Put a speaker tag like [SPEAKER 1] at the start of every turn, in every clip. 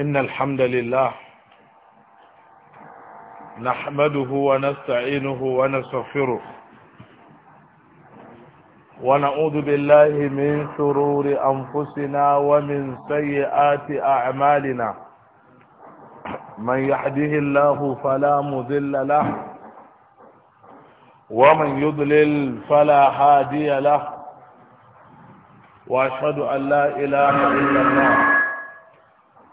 [SPEAKER 1] إن الحمد لله نحمده ونستعينه ونستغفره ونعوذ بالله من شرور أنفسنا ومن سيئات أعمالنا من يحده الله فلا مذل له ومن يضلل فلا هادي له وأشهد أن لا إله إلا الله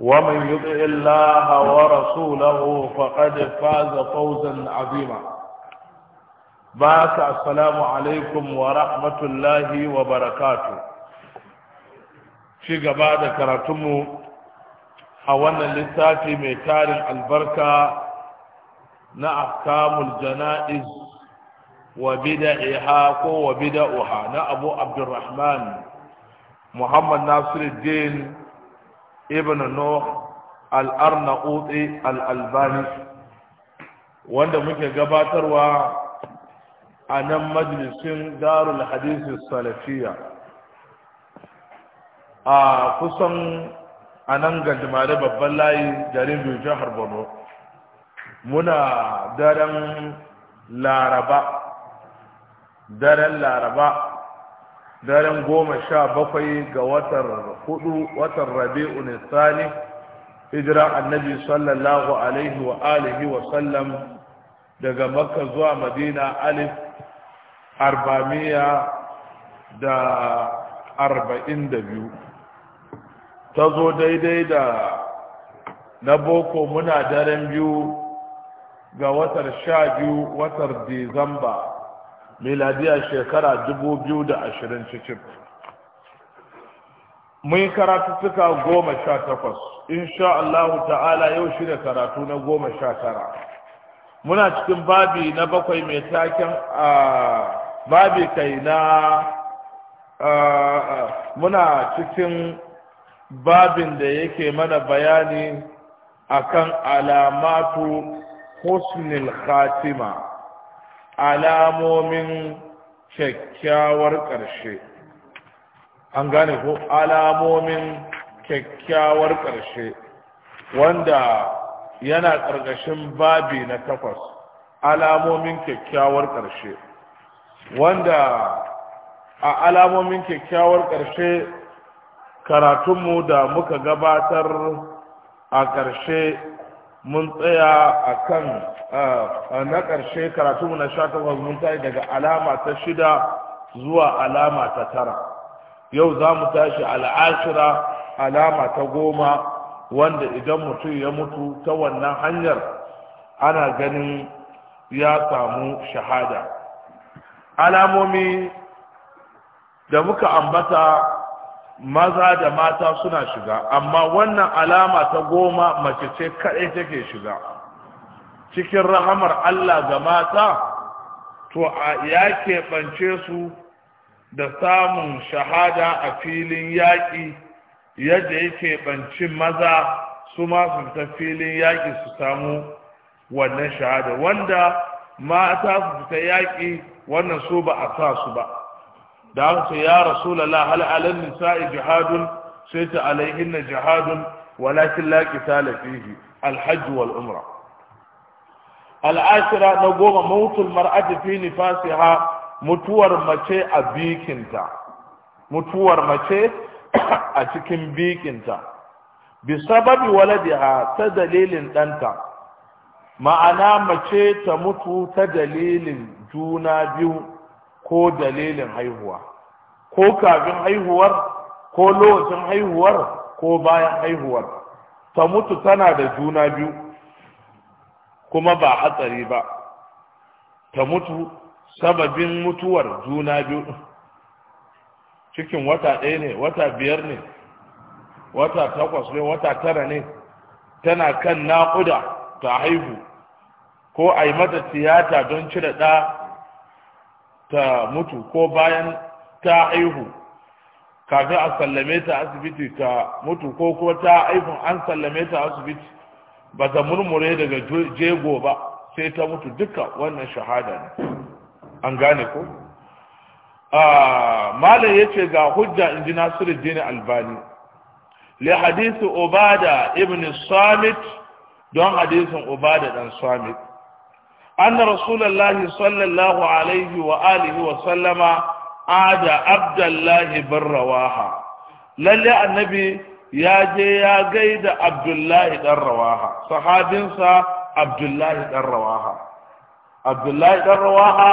[SPEAKER 1] ومن يطع الله ورسوله فقد فاز فوزا عظيما باك السلام عليكم ورحمة الله وبركاته شيء بعد كراتمو حوانا لساتي ميتار البركة نأحكام الجنائز وبدعها وبدعها نأبو عبد الرحمن محمد ناصر الدين ibn nuh al-arnaudi al-albani wanda muke gabatarwa a nan majalisin darul hadisi salafiya a kusan a nan gajimare babban layi garin biyu jihar borno muna daren laraba daren laraba daren goma sha bakwai ga watan hudu watan rabi'u ne sani hijira annabi sallallahu alaihi wa alihi wa sallam daga makka zuwa madina alif arba'amiya da arba'in da biyu ta zo daidai da na boko muna daren biyu ga watar sha biyu watar disamba miladiyar shekara dubu biyu da ashirin cikin mun yi suka goma sha takwas insha Allahu ta'ala yau shi da karatu na goma sha tara muna cikin babi na bakwai mai taken a babi kai na muna cikin babin da yake mana bayani akan alamatu husnul khatima alamomin kyakkyawar ƙarshe an gane ko alamomin kyakkyawar ƙarshe wanda yana ƙarƙashin babi na takwas alamomin kyakkyawar ƙarshe wanda a alamomin kyakkyawar ƙarshe karatunmu da muka gabatar a ƙarshe mun tsaya a kan na ƙarshe karatu na sha takwas mun tashi daga alama ta shida zuwa alama ta tara yau za mu tashi al'ashira alama ta goma wanda idan mutum ya mutu ta wannan hanyar ana ganin ya samu shahada alamomi da muka ambata maza da mata suna shiga amma wannan alama ta goma mace ce kaɗai take shiga cikin rahamar Allah ga mata to ya keɓance su da samun shahada a filin yaƙi yadda ya keɓanci maza su ma su fita filin yaƙi su samu wannan shahada wanda mata su fita yaƙi wannan su ba a sa su ba da aka ce ya rasulullah hal alal nisa'i jihadun sai ta alaihinna jihadun walakin la qitala fihi alhajj wal umra al'ashira na goma mautul mar'ati fi nifasiha mutuwar mace a bikinta mutuwar mace a cikin bikinta bi sababi waladiha ta dalilin ɗanta ma'ana mace ta mutu ta dalilin juna biyu ko dalilin haihuwa ko kafin haihuwar ko lokacin haihuwar ko bayan haihuwar ta mutu tana da juna biyu kuma ba hatsari ba ta mutu sababin mutuwar juna biyu cikin wata ɗaya ne wata biyar ne wata takwas ne wata tara ne tana kan naƙuda ta haihu ko a yi mata tiyata don cire ɗa ta mutu ko bayan ta aihu kafin a sallame ta asibiti ta mutu ko kuma ta aihu an sallame ta asibiti ba ta murmure daga jego ba sai ta mutu duka wannan shahada ne an gane ko malam ya ce ga hujja in ji Nasiru jini albani li hadisi obada ibn samit don hadisin obada dan samit أن رسول الله صلى الله عليه وآله وسلم عاد عبد الله بن رواحة للي النبي يا جي يا قيد عبد الله بن رواحة صحابنسا عبد الله بن رواحة عبد الله بن رواحة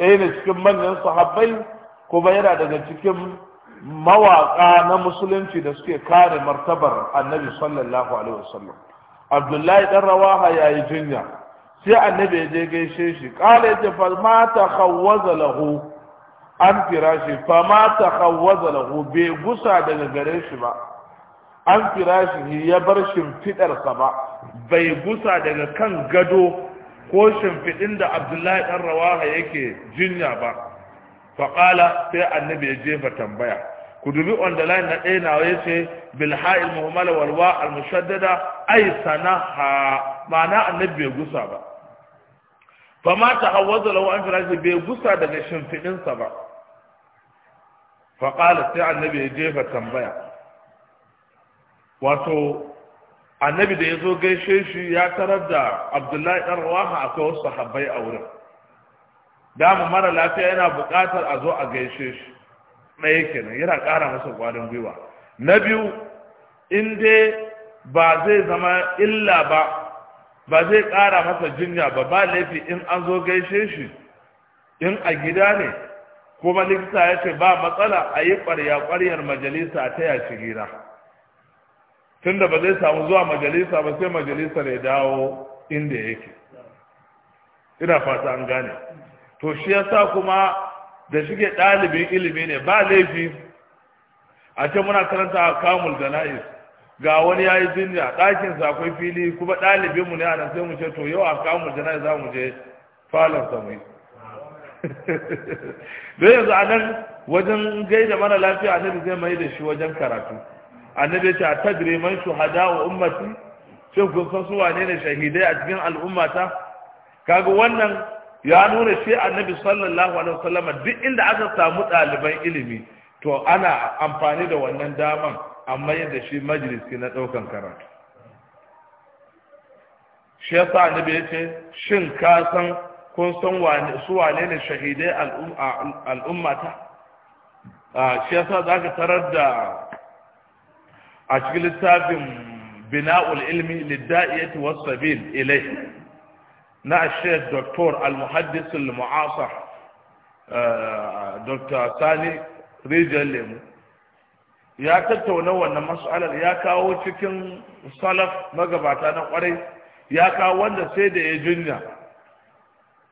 [SPEAKER 1] cikin manyan sahabai, kuma yana daga cikin mawaƙa na musulunci da suke kare martabar annabi sallallahu alaihi wasallam abdullahi ɗan rawaha yayi jinya sai annabi ya je gaishe shi qala ya fa ma lahu an kira shi fa ma lahu bai gusa daga gare shi ba an kira shi ya bar shimfiɗarsa ba bai gusa daga kan gado ko shimfiɗin da abdullahi ɗan rawaha yake jinya ba faƙala sai annabi ya jefa tambaya ku dubi on the line na ɗaya na waye ce bilha'il muhammala walwa al-mushaddada ay sanaha ma'ana annabi ya gusa ba fa ma tahawwaza lahu an firashi bai gusa daga shimfiɗinsa ba fa sai annabi ya jefa tambaya wato annabi da ya zo gaishe shi ya tarar da abdullahi ɗan rawaha akwai wasu sahabbai a wurin dama mara lafiya yana buƙatar a zo a gaishe shi ɗaya kenan yana ƙara masa ƙwarin gwiwa na biyu in dai ba zai zama illa ba ba zai ƙara masa jinya ba ba laifi in an zo gaishe shi in a gida ne kuma likita ya ce ba matsala a yi ƙwarya ƙwaryar majalisa ta ya ci gida tunda ba zai samu zuwa majalisa ba sai majalisa ya dawo inda yake ina fata an gane to shi yasa kuma da shige ɗalibin ilimi ne ba laifi a ce muna karanta kamul da na'is ga wani ya yi jinya ɗakinsa akwai fili kuma ɗalibinmu ne a nan sai mu ce to yau a kamu jana'i za mu je falon yi. don yanzu a nan wajen gaida mara lafiya a zai mai da shi wajen karatu annabi ya ce a tadri man shuhada wa ummati shin kun san su wane ne shahidai a cikin al'ummata kaga wannan ya nuna shi annabi sallallahu alaihi wasallam duk inda aka samu ɗaliban ilimi to ana amfani da wannan daman amma yadda shi majalisi na ɗaukan karatu shi ya sa ce shin ka san kun san su wane ne shahidai al'ummata shi ya sa za ka tarar da a cikin littafin bina'ul ilmi lidda'iyati wasabil ilai na shek doktor al-muhaddis al-mu'asar eh, dr sani rijiyar lemu ya tattauna wannan mas'alar ya kawo cikin salaf magabata na kwarai ya kawo wanda sai da ya jinya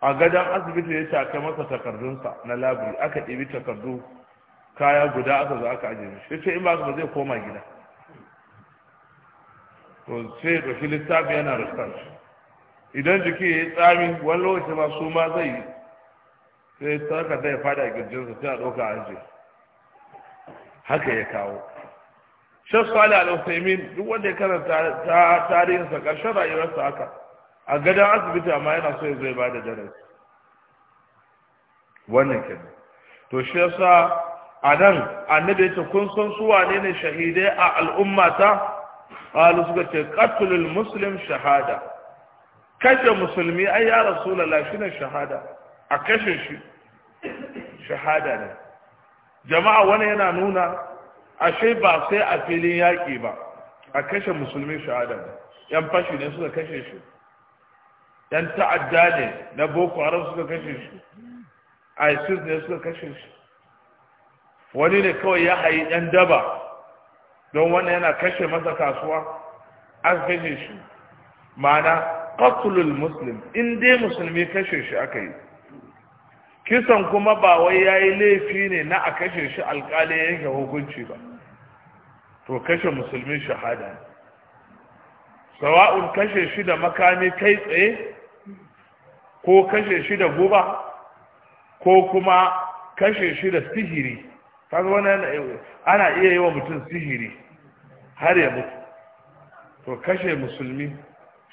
[SPEAKER 1] a gadon asibiti ya take masa takardunsa na labiri aka ɗibi takardu kaya guda aka zo aka ajiye shi ce in ba ba zai koma gida to sai da shi littafi yana rustar idan jiki ya yi tsami wani lokaci ma su ma zai yi sai sarka ya fada a girjinsa sai a ɗauka a ajiye haka ya kawo shafi salih al-usaimin duk wanda ya karanta tarihinsa ƙarshen rayuwarsa haka a gadon asibiti amma yana so ya zai ba da darasi wannan kenan to shi yasa a nan annabi ya ce kun san su wane ne shahidai a al'ummata qalu suka ce qatlul muslim shahada kashe musulmi ai ya shi shine shahada a kashe shi shahada ne jama'a wani yana nuna ashe ba sai a filin yaƙi ba a kashe musulmi shahada ba yan fashi ne suka kashe shi yan ta'adda ne na boko haram suka kashe shi isis ne suka kashe shi wani ne kawai ya hayi yan daba don wani yana kashe masa kasuwa an kashe shi ma'ana ƙasulul muslim in dai musulmi kashe shi aka yi kisan kuma ba wai ya yi laifi ne na a kashe shi alkali yanke hukunci ba to kashe musulmi shahada ne. sawa'un kashe shi da makami kai tsaye ko kashe shi da guba ko kuma kashe shi da sihiri ana iya yi wa mutum sihiri har ya mutu to kashe musulmi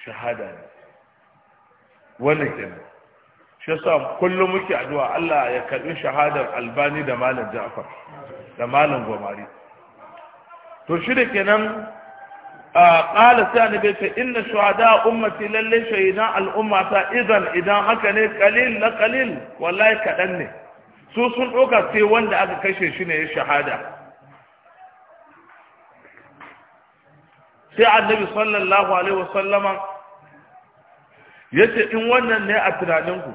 [SPEAKER 1] shahada ne wannan kenan shi yasa kullum muke addu'a Allah ya karbi shahadar albani da malam ja'far da malam gomari to shi da kenan qala sai annabi ce inna shuhada ummati lalle al umma ta idan idan haka ne qalil la qalil wallahi kadan ne su sun doka sai wanda aka kashe shi ne ya shahada sai annabi sallallahu alaihi wasallama yace in wannan ne a tunaninku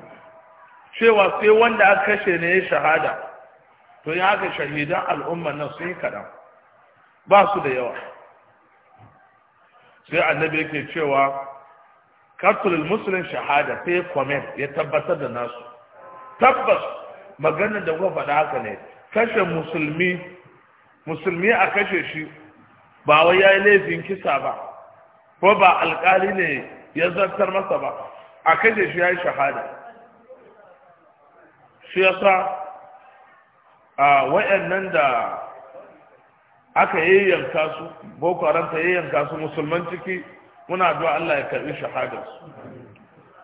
[SPEAKER 1] cewa sai wanda aka kashe ne ya shahada to ya haka shahidan al'umma nan sun yi kaɗan ba su da yawa sai annabi yake cewa katulul musulun shahada sai ya ya tabbatar da nasu tabbas maganar da kuka faɗa haka ne kashe musulmi musulmi a kashe shi ba wai ya yi laifin kisa ba ko ba alkali ne ya zartar masa ba a kashe shi ya yi shahada shi yasa a wayannan da aka yayyanka su boko haram ta yayyanka su musulman ciki muna zuwa Allah ya karbi shahadar su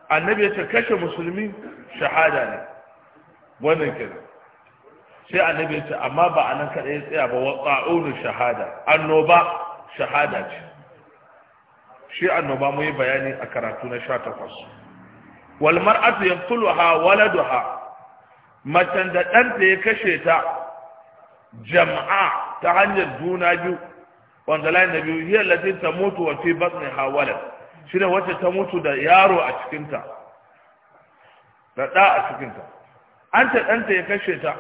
[SPEAKER 1] annabi ya ce kashe musulmi shahada ne wannan kenan sai annabi ya ce amma ba a nan ya tsaya ba wa'unu shahada annoba shahada ce shi annoba mu yi bayani a karatu na sha 18 wal mar'atu yaqtuluha waladuha macen da ɗanta ya kashe ta jama'a ta hanyar juna biyu wanda layin na biyu hiyar latin ta mutu wa fi batni hawala shi ne wacce ta mutu da yaro a cikinta da ɗa a cikinta an ta ɗanta ya kashe ta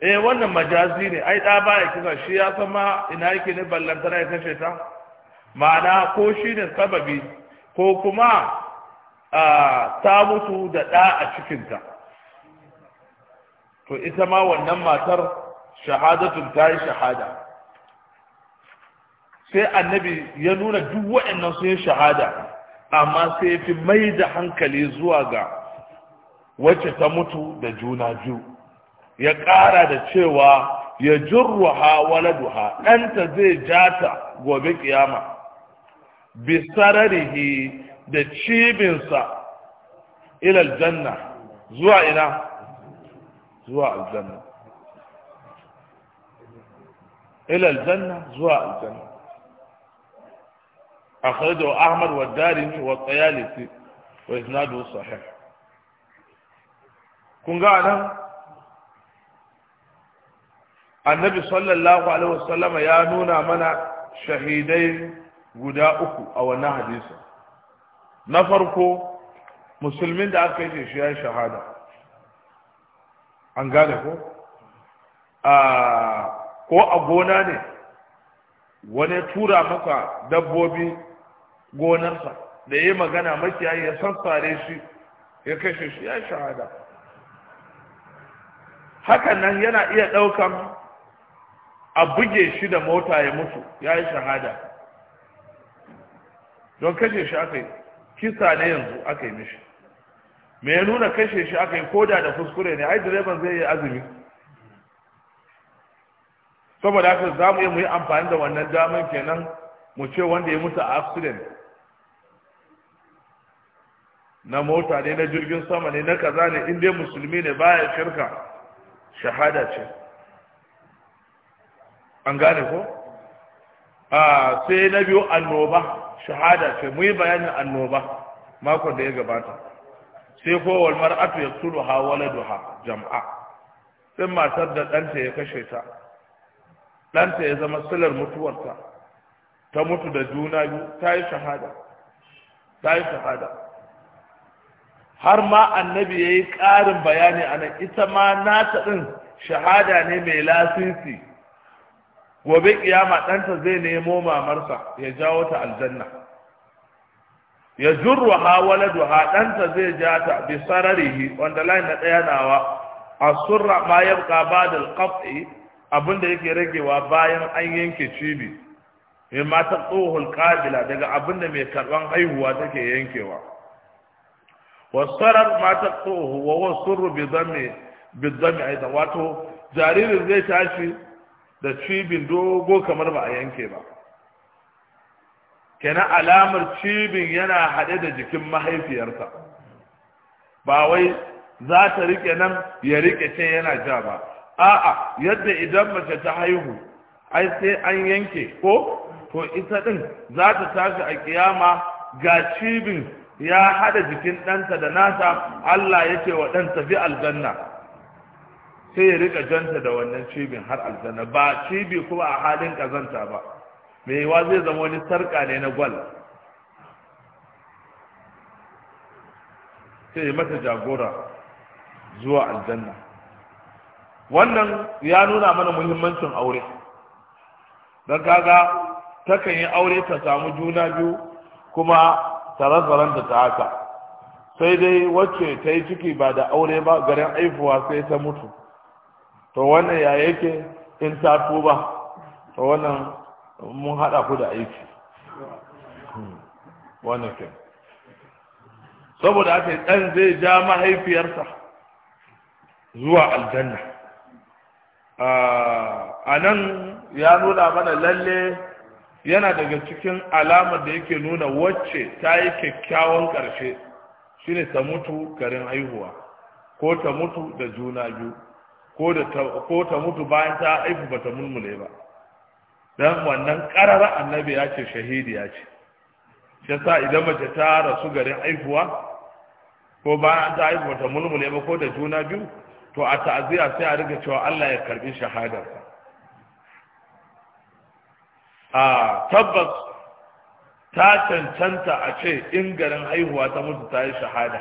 [SPEAKER 1] eh wannan majazi ne ai ɗa baya kisa shi ya san ma ina yake ne ballantana ya kashe ta ma'ana ko shi ne sababi ko kuma ah, ta mutu da ɗa a cikinta to ita ma wannan matar shahadatun ta yi shahada sai annabi ya nuna duk waɗannan sun yi shahada amma sai fi mai da hankali zuwa ga wacce ta mutu da juna biyu ya ƙara da cewa ya jirruha waladuha ɗanta zai jata gobe kiyama sararihi da cibinsa ilal janna zuwa ina zuwa aljanna ila aljanna zuwa aljanna akhrajahu ahmad wa darimi wa tayalisi wa isnaduhu sahih kun ga nan annabi sallallahu alaihi wasallam ya nuna mana shahidai guda uku a wannan hadisi na farko musulmin da aka yi shi ya shahada an gane ko ko a gona ne wani tura maka dabbobi gonarsa da ya magana makiyayi ya sassare shi ya kashe shi ya shahada hakan nan yana iya ɗaukan a buge shi da mota ya mutu ya yi shahada don kashe shi aka yi kisa ne yanzu aka yi mishi me ya nuna kashe shi aka yi koda da kuskure ne ai direban zai yi azumi saboda haka za mu iya mu yi amfani da wannan daman kenan mu ce wanda ya mutu a accident na mota ne na jirgin sama ne na kaza ne in dai musulmi ne baya shirka shahada ce an gane ko a sai na biyu annoba shahada ce mu yi bayanin annoba makon da ya gabata sai ko wal mar'atu yaqtuluha waladuha jam'a sai matar da ɗanta ya kashe ta ɗanta ya zama silar mutuwarta ta mutu da juna biyu ta yi shahada ta shahada har ma annabi ya yi ƙarin bayani a nan ita ma nata ɗin shahada ne mai lasisi gobe kiyama ɗanta zai nemo mamarsa ya jawo ta aljanna ya jurru ha waladu ha ɗanta zai ja ta bi sararihi wanda layin na ɗaya nawa a surra ma da ba'da al-qat'i abinda yake ragewa bayan an yanke cibi mai mata tsohon kabila daga abinda mai karban haihuwa take yankewa wasarar mata tsoho wa wasurru bi zame bi zame wato jaririn zai tashi da cibin dogo kamar ba a yanke ba kenan alamar cibin yana haɗe da jikin mahaifiyarsa ba wai za ta rike nan ya rike ce yana ja ba a'a yadda idan mace ta haihu ai sai an yanke ko to ita din za ta tashi a kiyama ga cibin ya haɗa jikin ɗanta da nata Allah ya ce wa ɗan tafi aljanna sai ya rika janta da wannan cibin har aljanna ba cibi kuma a halin ƙazanta ba mai yiwa zai zama wani sarka ne na gwal sai mata jagora zuwa aljanna wannan ya nuna mana muhimmancin aure don kaga takan yi aure ta samu juna biyu kuma tsare-tsaren da ta haka sai dai wacce ta yi ciki ba da aure ba garin aifuwa sai ta mutu to wannan ya yake in ta tuba to wannan mun haɗa ku da aiki hmm. wannan ke saboda haka ɗan zai ja mahaifiyarsa zuwa aljanna a nan ya nuna mana lalle yana daga cikin alamar da yake nuna wacce ta yi kyakkyawan ƙarshe shine ta mutu garin haihuwa ko ta mutu da juna biyu ko ta mutu bayan ta haifu ba ta mulmule ba dan wannan karara annabi ya ce shahidi ya ce shi sa idan mace ta rasu garin aifuwa ko bayan ta aifuwa ta mulmule ba ko da juna biyu to a ta'aziyya sai a riga cewa Allah ya karbi shahada a tabbas ta cancanta a ce in garin haihuwa ta mutu ta yi shahada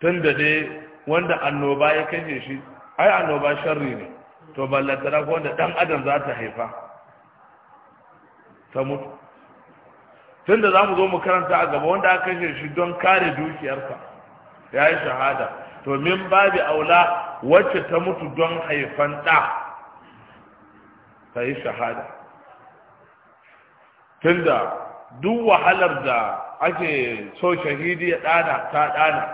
[SPEAKER 1] tun da dai wanda annoba ya kashe shi ai annoba sharri ne to ballantana ko wanda dan adam za ta haifa ta mutu tunda za mu zo mu karanta a gaba wanda aka kashe shi don kare dukiyarsa ya yi shahada to min babi aula wacce ta mutu don haifan ɗa ta yi shahada tunda duk wahalar da ake so shahidi ya ɗana ta ɗana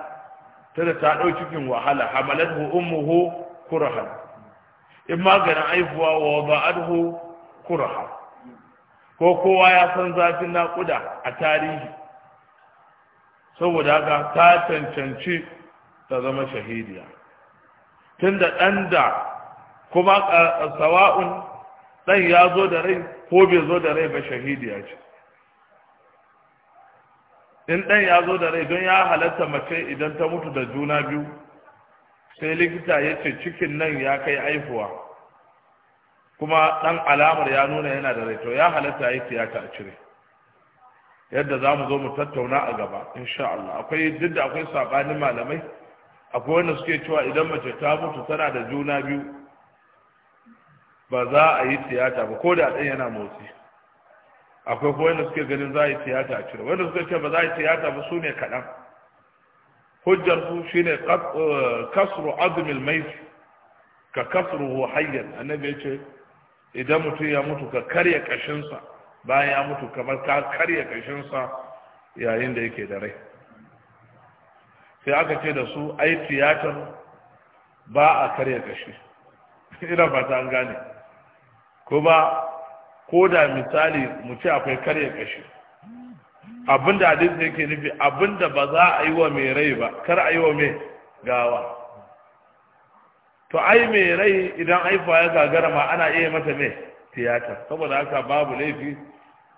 [SPEAKER 1] tunda ta ɗau cikin wahala hamalat hu ummuhu kurahan in maganin aihuwa wa ba'adhu kurahan ko kowa ya san zafin naƙuda a tarihi saboda haka ta cancanci ta zama shahidiya tunda ɗan da kuma sawa'un ɗan ya zo da rai ko bai zo da rai ba shahidiya ce in ɗan ya zo da rai don ya halatta mace idan ta mutu da juna biyu sai likita ya ce cikin nan ya kai aifuwa kuma ɗan alamar ya nuna yana da rai to ya halatta yi tiyata a cire yadda za mu zo mu tattauna a gaba insha Allah akwai duk da akwai sabanin malamai akwai wanda suke cewa idan mace ta mutu tana da juna biyu ba za a yi tiyata ba ko da ɗan yana motsi akwai kuma wanda suke ganin za a yi tiyata a cire wanda suke ce ba za a yi tiyata ba su ne kaɗan hujjar su shine eh, kasru azmil maiti ka kasruhu hayyan annabi ya ce idan mutum ya mutu ka karya kashinsa bayan ya mutu kamar ka karya kashinsa yayin da yake da rai sai aka ce da su ai tiyatar ba a karya kashi ina fata an gane ba ko da misali mu ce akwai karya kashi abinda hadisi yake nufi abinda ba za a yi wa mai rai ba kar a yi wa mai gawa to ai me rai idan haifuwa ya gagara ma ana iya mata me tiyata saboda haka babu laifi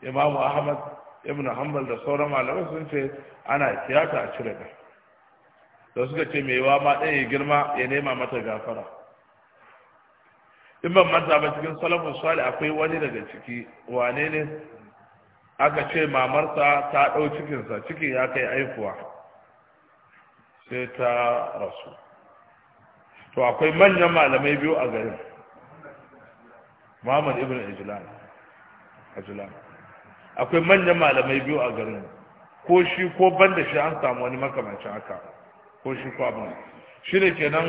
[SPEAKER 1] imamu ahmad ibn hanbal da sauran malamai sun ce ana tiyata a cire ɗan da suka ce mai wa ma ɗaya girma ya nema mata gafara in ban manta ba cikin salafin sali akwai wani daga ciki wane ne aka ce mamarsa ta ɗau cikinsa cikin ya kai aifuwa? sai ta rasu to akwai manyan malamai biyu a garin muhammad ibn ajlan ajlan akwai manyan malamai biyu a garin ko shi ko ban da shi an samu wani makamancin haka ko shi ko abin shi ne kenan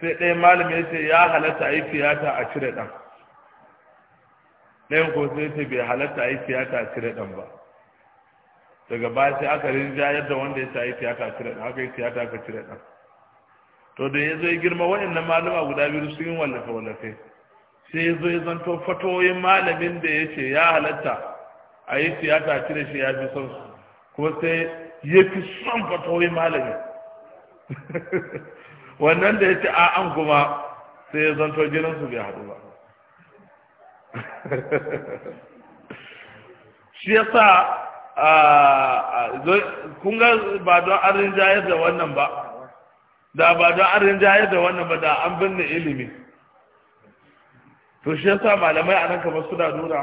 [SPEAKER 1] sai ɗaya malami ya ce ya halatta a yi tiyata a cire ɗan ɗayan ko sai ce bai halatta a yi tiyata a cire ɗan ba daga baya sai aka rinjayar da wanda ya ta yi tiyata a cire ɗan aka yi tiyata aka cire ɗan to da ya zo ya girma waɗannan malama guda biyu sun yi wallafe wallafe sai ya zo ya zanto fatoyin malamin da ya ce ya halatta a yi siyasa cire shi ya fi son su Ko sai ya fi son fatoyin malamin wannan da ya ce a an kuma sai ya zanto jinin su bai haɗu ba shi ya sa kun ga ba don arin jayar da wannan ba da ba don an rinjayar da wannan ba da an binne ilimi to shi yasa malamai a nan kamar suna nuna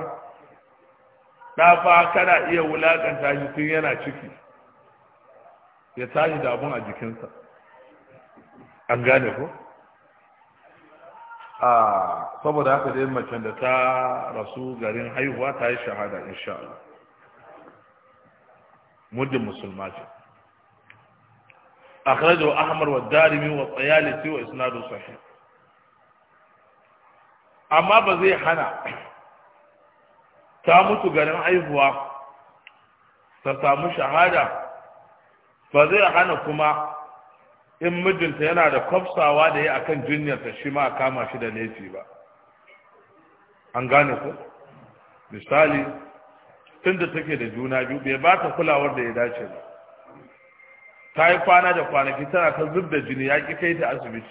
[SPEAKER 1] ɗafa kana iya wulakanta shi tun yana ciki ya tashi da abun a jikinsa an gane ko a saboda haka dai macen da ta rasu garin haihuwa ta yi shahada insha muddin musulma ce أخرجه أحمد والدارمي والطيالسي وإسناده صحيح amma ba zai hana ta mutu garin haihuwa ta samu shahada ba zai hana kuma in mijinta yana da kwafsawa da ya akan jinyarta shi ma kama shi da laifi ba an gane ku misali tunda take da juna biyu bai ba kulawar da ya dace ba ta yi kwana da kwanaki tana ta da jini ya ƙi kai ta asibiti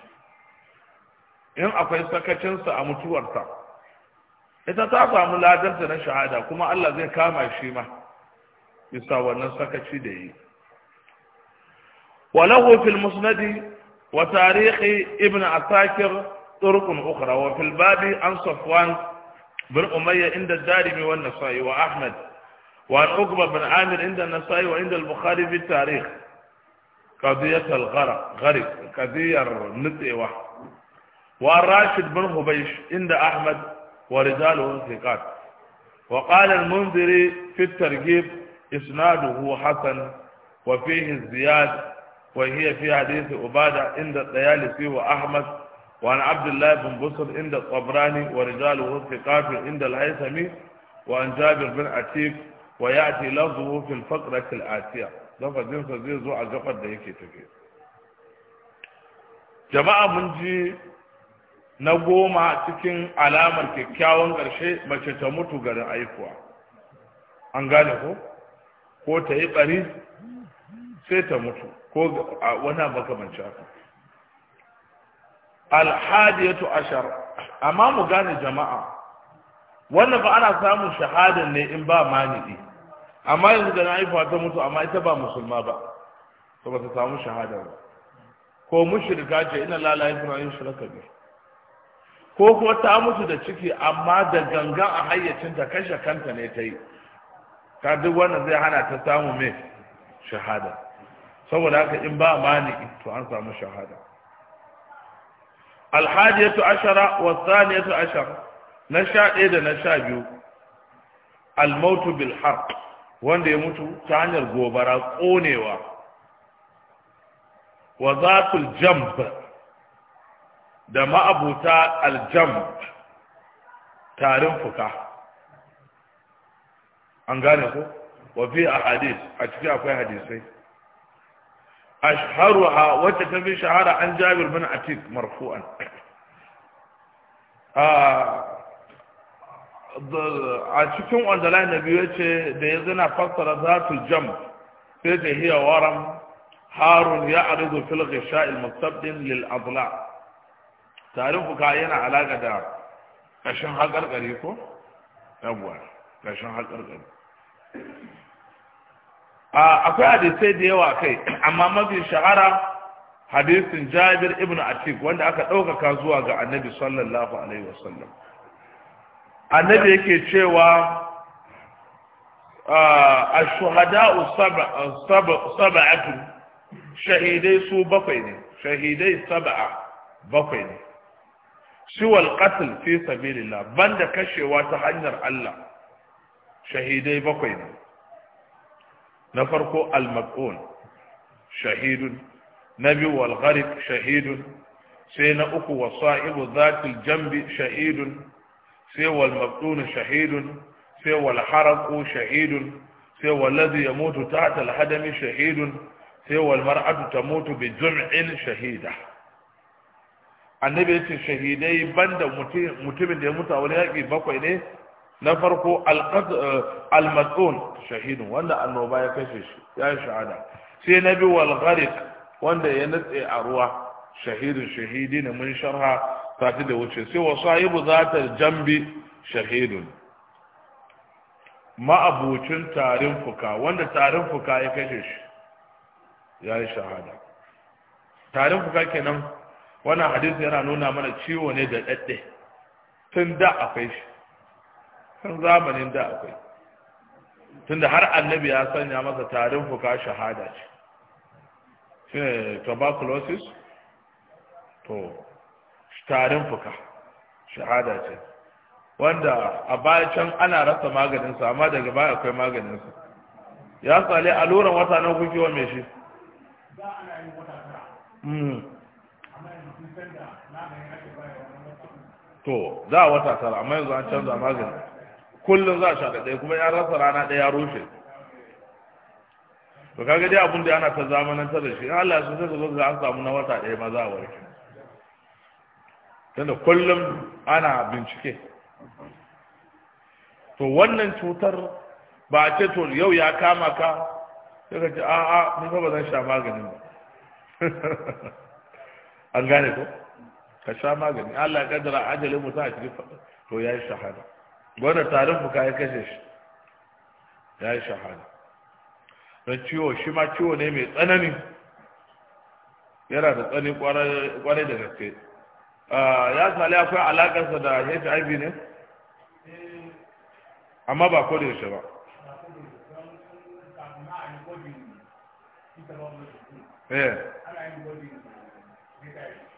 [SPEAKER 1] in akwai sakacinsa a mutuwarta ita ta samu ladarta na shahada kuma Allah zai kama shi ma bisa wannan sakaci da yi walahu fil musnadi wa tarihi ibn asakir turqun ukhra wa fil babi an safwan bin umayya inda darimi wa nasai wa wa al-ukba bin amir inda nasai wa inda al-bukhari fi tarikh قضية الغرق غرق قضية واحد والراشد بن خبيش عند أحمد ورجاله ثقات وقال المنذري في الترجيب إسناده حسن وفيه الزياد وهي في حديث أبادة عند الطيالسي وأحمد وعن عبد الله بن بصر عند الطبراني ورجاله ثقات عند الهيثمي وعن جابر بن عتيق ويأتي لفظه في الفقرة الآتية jinsa zai zo a gabar da yake tafiya jama'a mun ji na goma cikin alamar kyakkyawan ƙarshe mace ta mutu garin aikuwa an gane ko ko ta yi ɓari sai ta mutu ko wani makamanci haka alhadiyatu ashar amma mu gane jama'a wannan ba ana samun shahadar ne in ba mani'i amma yanzu da na'ifa ta mutu amma ita ba musulma ba to ba ta samu shahada ba ko mushrika ce ina lalaye kuma yin shirka bi ko kuma ta mutu da ciki amma da gangan a hayyacin ta kashe kanta ne ta yi ka duk wannan zai hana ta samu mai shahada saboda haka in ba mani to an samu shahada alhadiyatu ashara wa thaniyatu ashara na sha ɗaya da na sha biyu bil بالحق wanda ya mutu ta hanyar gobara konewa wa zatul jamb da ma'abuta aljamb tarin fuka an gane ko wa fi hadis a cikin akwai hadisai ashharuha wacce ta fi shahara an jabir bin atik marfu'an ah, a cikin wanzala na biyu ce da ya zina fassara za su jam sai ta hiya waram harun ya arzu fil ghisha'il mustabbin lil adla Tarin ka yana alaka da kashin hakarkari ko yawwa kashin hakarkari akwai hadisai da yawa kai amma mafi shahara hadisin jabir ibn atik wanda aka ɗaukaka zuwa ga annabi sallallahu alaihi wasallam annabi yake cewa a ah, shuhada'u saba'atu shahidai su bakwai ne shahidai saba'a bakwai ne siwal qatl fi sabilillah banda kashewa ta hanyar Allah shahidai bakwai ne na farko al-maqul shahidun nabi wal gharib shahidun sai na uku wasa'ibu zatil jambi shahidun sai wal mabdun shahidun sai wal haraqu shahidun sai wallazi yamutu ta'ta al hadami shahidun sai wal mar'atu tamutu bi jum'in shahida annabi ya ce shahidai banda mutumin da ya mutu a wani yaƙi bakwai ne na farko al-matsun shahidun wanda annoba ya kashe shi ya yi shahada sai na biyu wal wanda ya natse a ruwa shahidun shahidi ne mun sharha sati da wuce sai wa sahibu zatar jambi shahidun ma'abucin tarin fuka wanda tarin fuka ya kashe shi ya yi shahada tarin fuka kenan wannan hadisi yana nuna mana ciwo ne da ɗaɗɗe tun da akwai shi tun zamanin da akwai tun da har annabi ya sanya masa tarin fuka shahada ce shi ne tuberculosis to tarin fuka shahada ce wanda a baya can ana rasa maganinsa amma daga baya akwai maganinsa ya sale loran wata nan kuke wa mai shi hmm. to za a wata tara amma yanzu an canza magani kullum za a sha ɗaya kuma ya rasa rana ɗaya ya rushe to kaga dai abin da ana ta zamanantar da shi in Allah ya so sai ka zo an samu na wata ɗaya ma za a warke tunda kullum ana bincike to wannan cutar ba a ce to yau ya kama ka sai ka ce a a ni ba zan sha maganin ba an gane ko ka sha magani Allah ya kaddara ajalin mutum a cikin to yayi shahada gwada tarin fuka ya kashe shi yayi shahada don ciwo shi ma ciwo ne mai tsanani yana da tsanin kwarai da gaske Ah, ya sali akwai alakarsa da hiv ne amma ba ko da ba eh.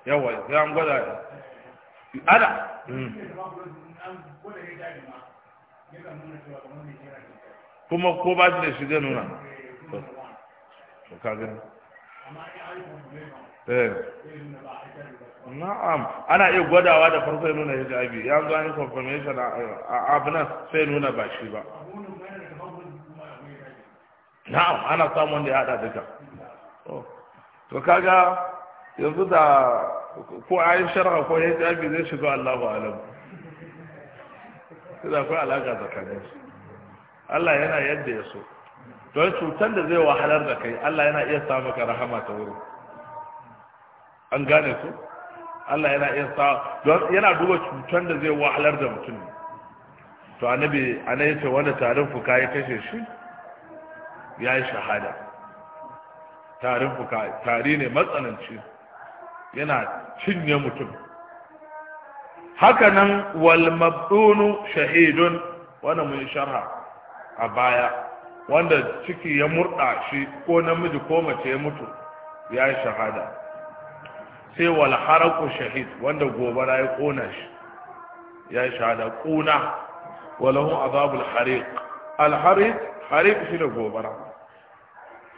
[SPEAKER 1] yawa ya an gwada ya ana hmm. kuma ko ba shi da shi zai nuna ka gani eh na'am ana iya gwadawa da farko ya nuna hijabi ya zo ne confirmation a abinan sai nuna ba shi ba na'am ana samun wanda ya hada duka to kaga yanzu da ko yi sharha ko hijabi zai shiga Allahu alam sai da akwai alaka tsakanin Allah yana yadda ya so don cutar da zai wahalar da kai Allah yana iya samu ka rahama ta wurin an gane su. Allah yana iya sa don yana duba cutar da zai wahalar da mutum to annabi ana yace wanda tarin fuka ya kashe shi ya yi shahada tarin fuka tari ne matsananci yana cinye mutum hakanan wal mabdunu shahidun wannan mun sharha a baya wanda ciki ya murda shi ko namiji ko mace ya mutu ya yi shahada sai wal haraku shahid wanda gobara ya kona shi ya shahada kuna walahum azabul hariq al hariq hariq shi da gobara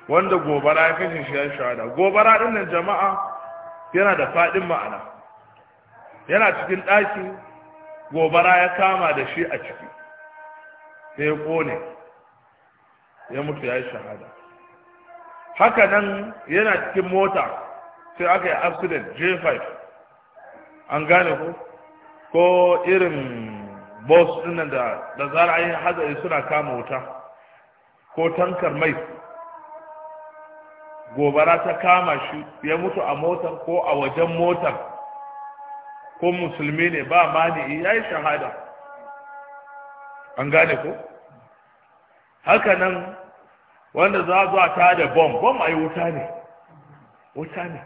[SPEAKER 1] wanda gobara ya kashe shi ya shahada gobara din nan jama'a yana da fadin ma'ana yana cikin daki gobara ya kama da shi a ciki sai kone ya mutu ya shahada haka nan yana cikin mota sai aka yi accident j5 an gane ko ko irin bus dinnan da da zara ayin hadari suna kama wuta ko tankar mai gobara ta kama shi ya mutu a motar ko a wajen motar ko musulmi ne ba mani ya yi shahada an gane ko haka nan wanda za a zo a tada bomb bom a yi wuta ne wuta ne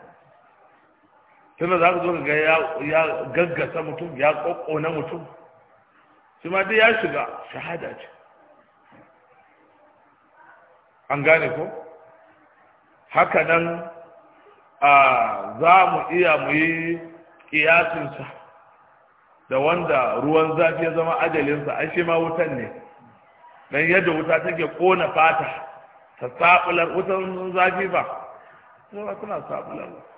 [SPEAKER 1] tunda za ka zo ga ya gaggasa mutum ya kokona mutum shi ma dai ya shiga shahada ce an gane ko haka nan za mu iya mu yi kiyasinsa da wanda ruwan zafi ya zama ajalinsa ai shi ma wutan ne dan yadda wuta take kona fata ta sabular wutan zafi ba suna sabular wuta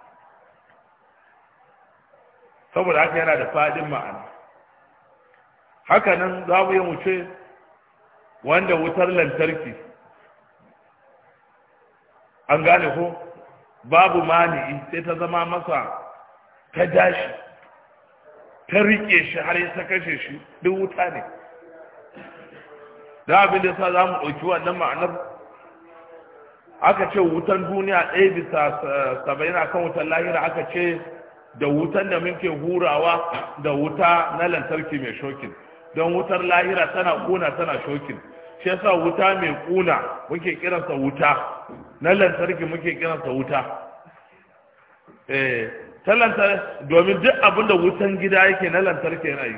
[SPEAKER 1] saboda haka yana da fadin ma'ana hakanan za mu yi wuce wanda wutar lantarki an gane ko babu mani'i sai ta zama masa ta dashi ta rike shi har ya kashe shi duk wuta ne da abin da sa za mu ɗauki wannan ma'anar aka ce wutan duniya ɗaya bisa eh, saba yana kan wutan lahira aka ce da wutan da muke hurawa da wuta na lantarki mai shokin don wutar lahira tana kuna tana shokin shi yasa wuta mai kuna muke kiransa wuta na lantarki muke kiransa wuta eh ta lantarki domin duk abin da wutan gida yake na lantarki yana yi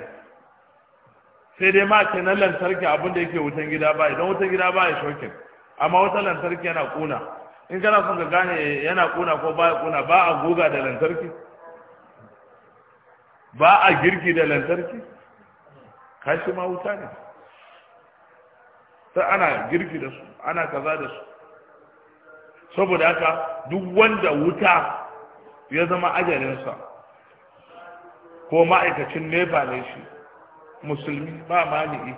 [SPEAKER 1] sai dai ma ke na lantarki abin da yake wutan gida ba idan wutan gida ba ya shokin amma wutan lantarki yana kuna in kana son ka gane yana kuna ko ba ya kuna ba a goga da lantarki ba a girki da lantarki kashi ma wuta ne sai ana girki da su ana kaza da su saboda haka duk wanda wuta ya zama ajalinsa ko ma'aikacin nefa ne shi musulmi ba mani'i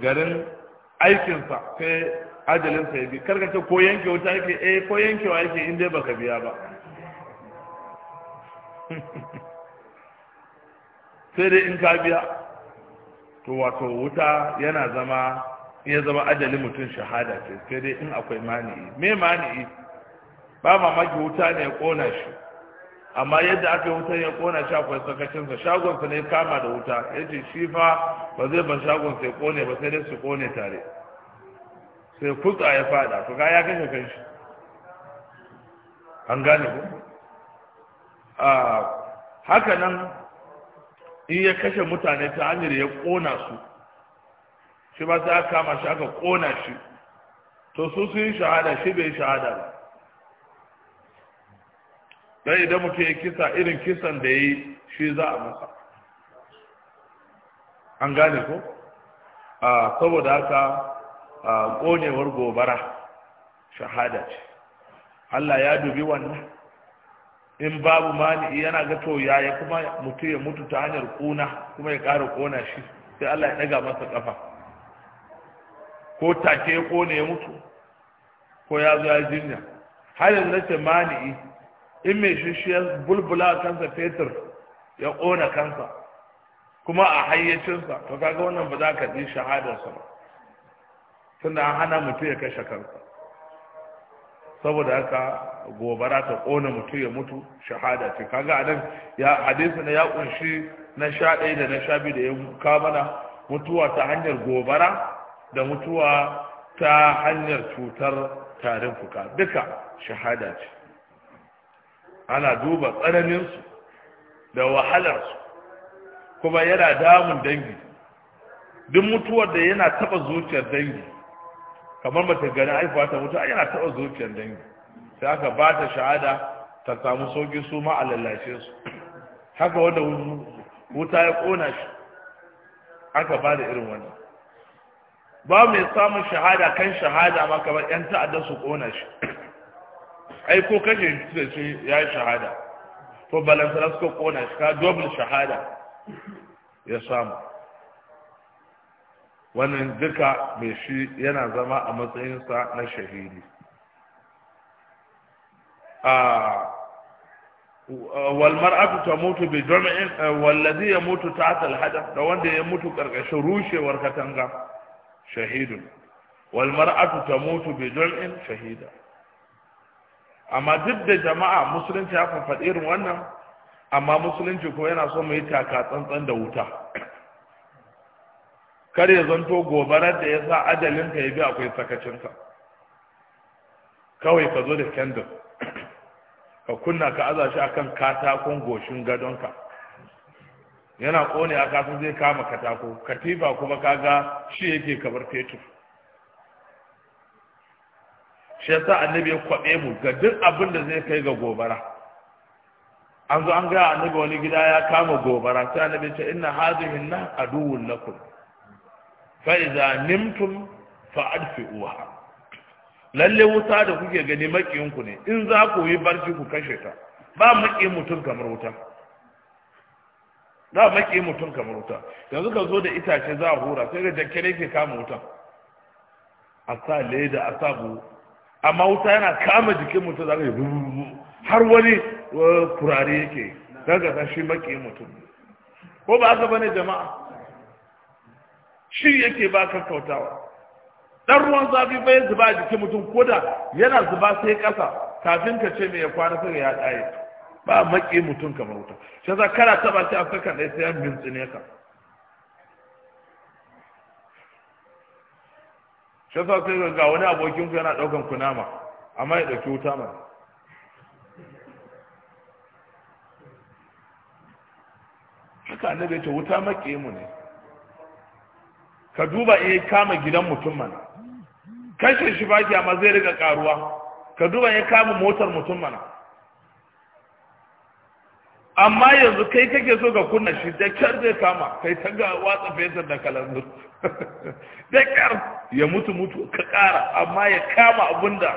[SPEAKER 1] garin aikinsa sai ajalinsa ya bi karkace ko yanke wuta yake eh ko yankewa yake in dai baka biya ba sai dai in ka biya to wato wuta yana zama ya zama adalin mutum shahada ce sai dai in akwai mani'i me mani'i ba mamaki wuta ne ya kona shi amma yadda aka yi wuta ya kona shi akwai sakacinsa shagonsa ne kama da wuta ya ce shi fa ba zai ban shagonsa ya kone ba sai dai su kone tare sai kutsa ya fada to ga ya kashe kanshi an gane ku haka nan in ya kashe mutane ta hanyar ya kona su shi ba sai aka kama shi aka kona shi to su su yi shahada shi bai shahada ba don idan mutum ya kisa irin kisan da yi shi za a masa an gane ko saboda haka a konewar gobara shahada ce Allah ya dubi wannan in babu mani yana ga to yaya kuma mutu ya mutu ta hanyar kuna kuma ya ƙara kona shi sai Allah ya daga masa kafa ko take ya kone ya mutu ko ya zo ya jinya har yanzu na ce mani'i in mai shi ya bulbula kansa fetur ya kona kansa kuma a hayyacinsa to kaga wannan ba za ka ji shahadarsa ba tunda hana mutu ya kashe kansa saboda haka gobara ta kona mutu ya mutu shahada ce kaga anan ya hadisi na ya kunshi na sha ɗaya da na sha biyu da ya ka mana mutuwa ta hanyar gobara da mutuwa ta hanyar cutar tarin fuka duka shahada ce ana duba tsananinsu da wahalarsu kuma yana damun dangi duk mutuwar da yana taɓa zuciyar dangi kamar mace gani haifuwa ta mutu yana taɓa zuciyar dangi sai aka ba ta shahada ta samu sauƙi su ma a lallashe su haka wanda wuta ya ƙona shi aka ba da irin wannan ba mai samun shahada kan shahada ma kamar yan ta'adda su ƙona shi ai ko kashe shi ya yi shahada to balantana suka ƙona shi ka dobin shahada ya samu wannan duka mai shi yana zama a matsayinsa na shahidi والمرأة تموت بجمع والذي يموت تحت hada da wanda ya mutu karkashin rushewar katanga shahidun والمرأة تموت بجمع shahida amma duk da jama'a musulunci ya faɗi irin wannan amma musulunci ko yana so mu yi taka tsantsan da wuta kar ya zanto gobarar da ya sa ajalinka ya bi akwai sakacinka kawai ka zo da kendir ka kunna ka aza shi akan katakon goshin gadonka yana kone a kasan zai kama katako katifa kuma kaga shi yake kamar fetur shi yasa annabi ya kwabe mu ga duk abin da zai kai ga gobara an zo an ga annabi wani gida ya kama gobara sai annabi ce inna hadhihi na aduwun lakum fa iza nimtum fa adfi'uha lalle wuta da kuke gani makiyin ku ne in za ku yi barci ku kashe ta ba makiyin mutum kamar wuta za makiyin mutum kamar wuta yanzu ka zo da itace za a hura sai da dakkare ke kama wuta. a sa leda a sa buhu amma wuta yana kama jikin mutum za ka yi har wani kurare yake daga shi makiyin mutum ko ba haka bane jama'a shi yake ba ka kautawa dan ruwan zafi bai zuba jikin mutum koda yana zuba sai ƙasa. kafin ka ce me ya kwana sai ya tsaye ba maki mutum kamar wuta shi yasa kana taba shi a sakan ɗaya sai ya mintsine ka shi yasa sai ga wani abokin ku yana ɗaukan kunama amma ya dauki wuta mai haka annabi ya ce wuta maki mu ne ka duba in eh, kama gidan mutum mana kashe shi baki amma zai riga karuwa ka duba ya kama motar mutum mana amma yanzu kai kake so ka kunna shi da kyar zai kama kai ta ga watsa fesa da kalandu da kyar ya mutu mutu ka kara amma ya kama abinda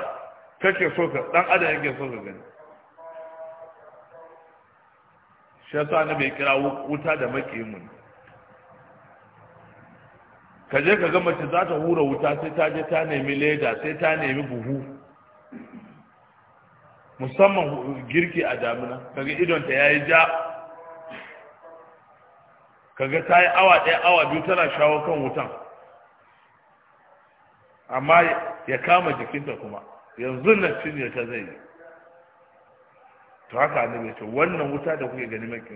[SPEAKER 1] kake so ka dan adam yake so ka gani shi yasa na bai kira wuta da maki mun. ka je ka ga mace za ta hura wuta sai ta je ta nemi leda sai ta nemi buhu musamman girki a damina kaga idonta ya yi ja kaga ta yi awa ɗaya awa biyu tana shawo kan wutan amma ya kama jikinta kuma yanzu na cinye ta zai yi to haka ne ce wannan wuta da kuke gani mai ku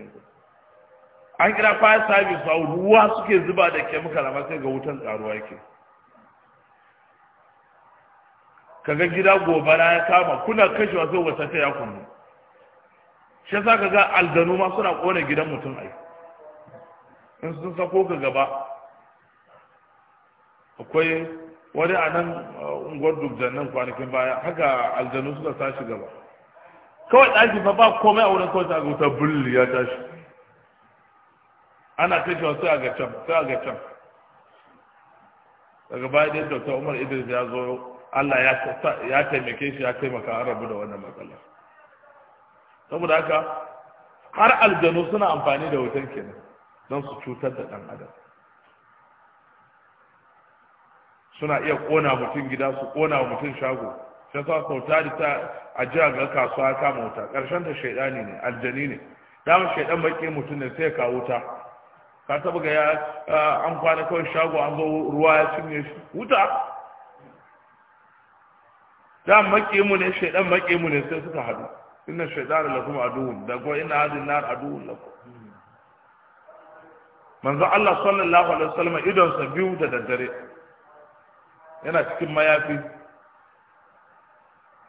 [SPEAKER 1] an kira fire service ba ruwa suke zuba da chemical amma sai ga wutan karuwa yake kaga gida gobara ya kama kuna kashewa sai wata ta ya kunu shi yasa kaga aldanu ma suna kona gidan mutum ai in sun sako ka gaba akwai wani a nan uh, unguwar dubjan nan kwanakin baya haka aljanu suka tashi gaba kawai ɗaki fa ba komai a wurin kawai ta wuta bulli ya tashi ana kashewa sai a ga can sai a ga can daga baya dai dr umar idris ya zo allah ya taimake shi ya taimaka an rabu da wannan matsalar saboda haka har aljanu suna amfani da wutan kenan don su cutar da ɗan adam suna iya kona mutum gida su kona wa mutum shago sai sa kauta da ta ajiya ga kasuwa kama wuta ƙarshen ta shaidani ne aljani ne damar shaidan baƙi mutum ne sai ka wuta ka taba ga ya an kwana kawai shago an zo ruwa ya cinye shi wuta da make mu ne shaidan make mu ne sai suka hadu inna la kuma adu da ko inna hadin nar aduwwun lakum manzo Allah sallallahu alaihi wasallam idan sa biyu da daddare yana cikin mayafi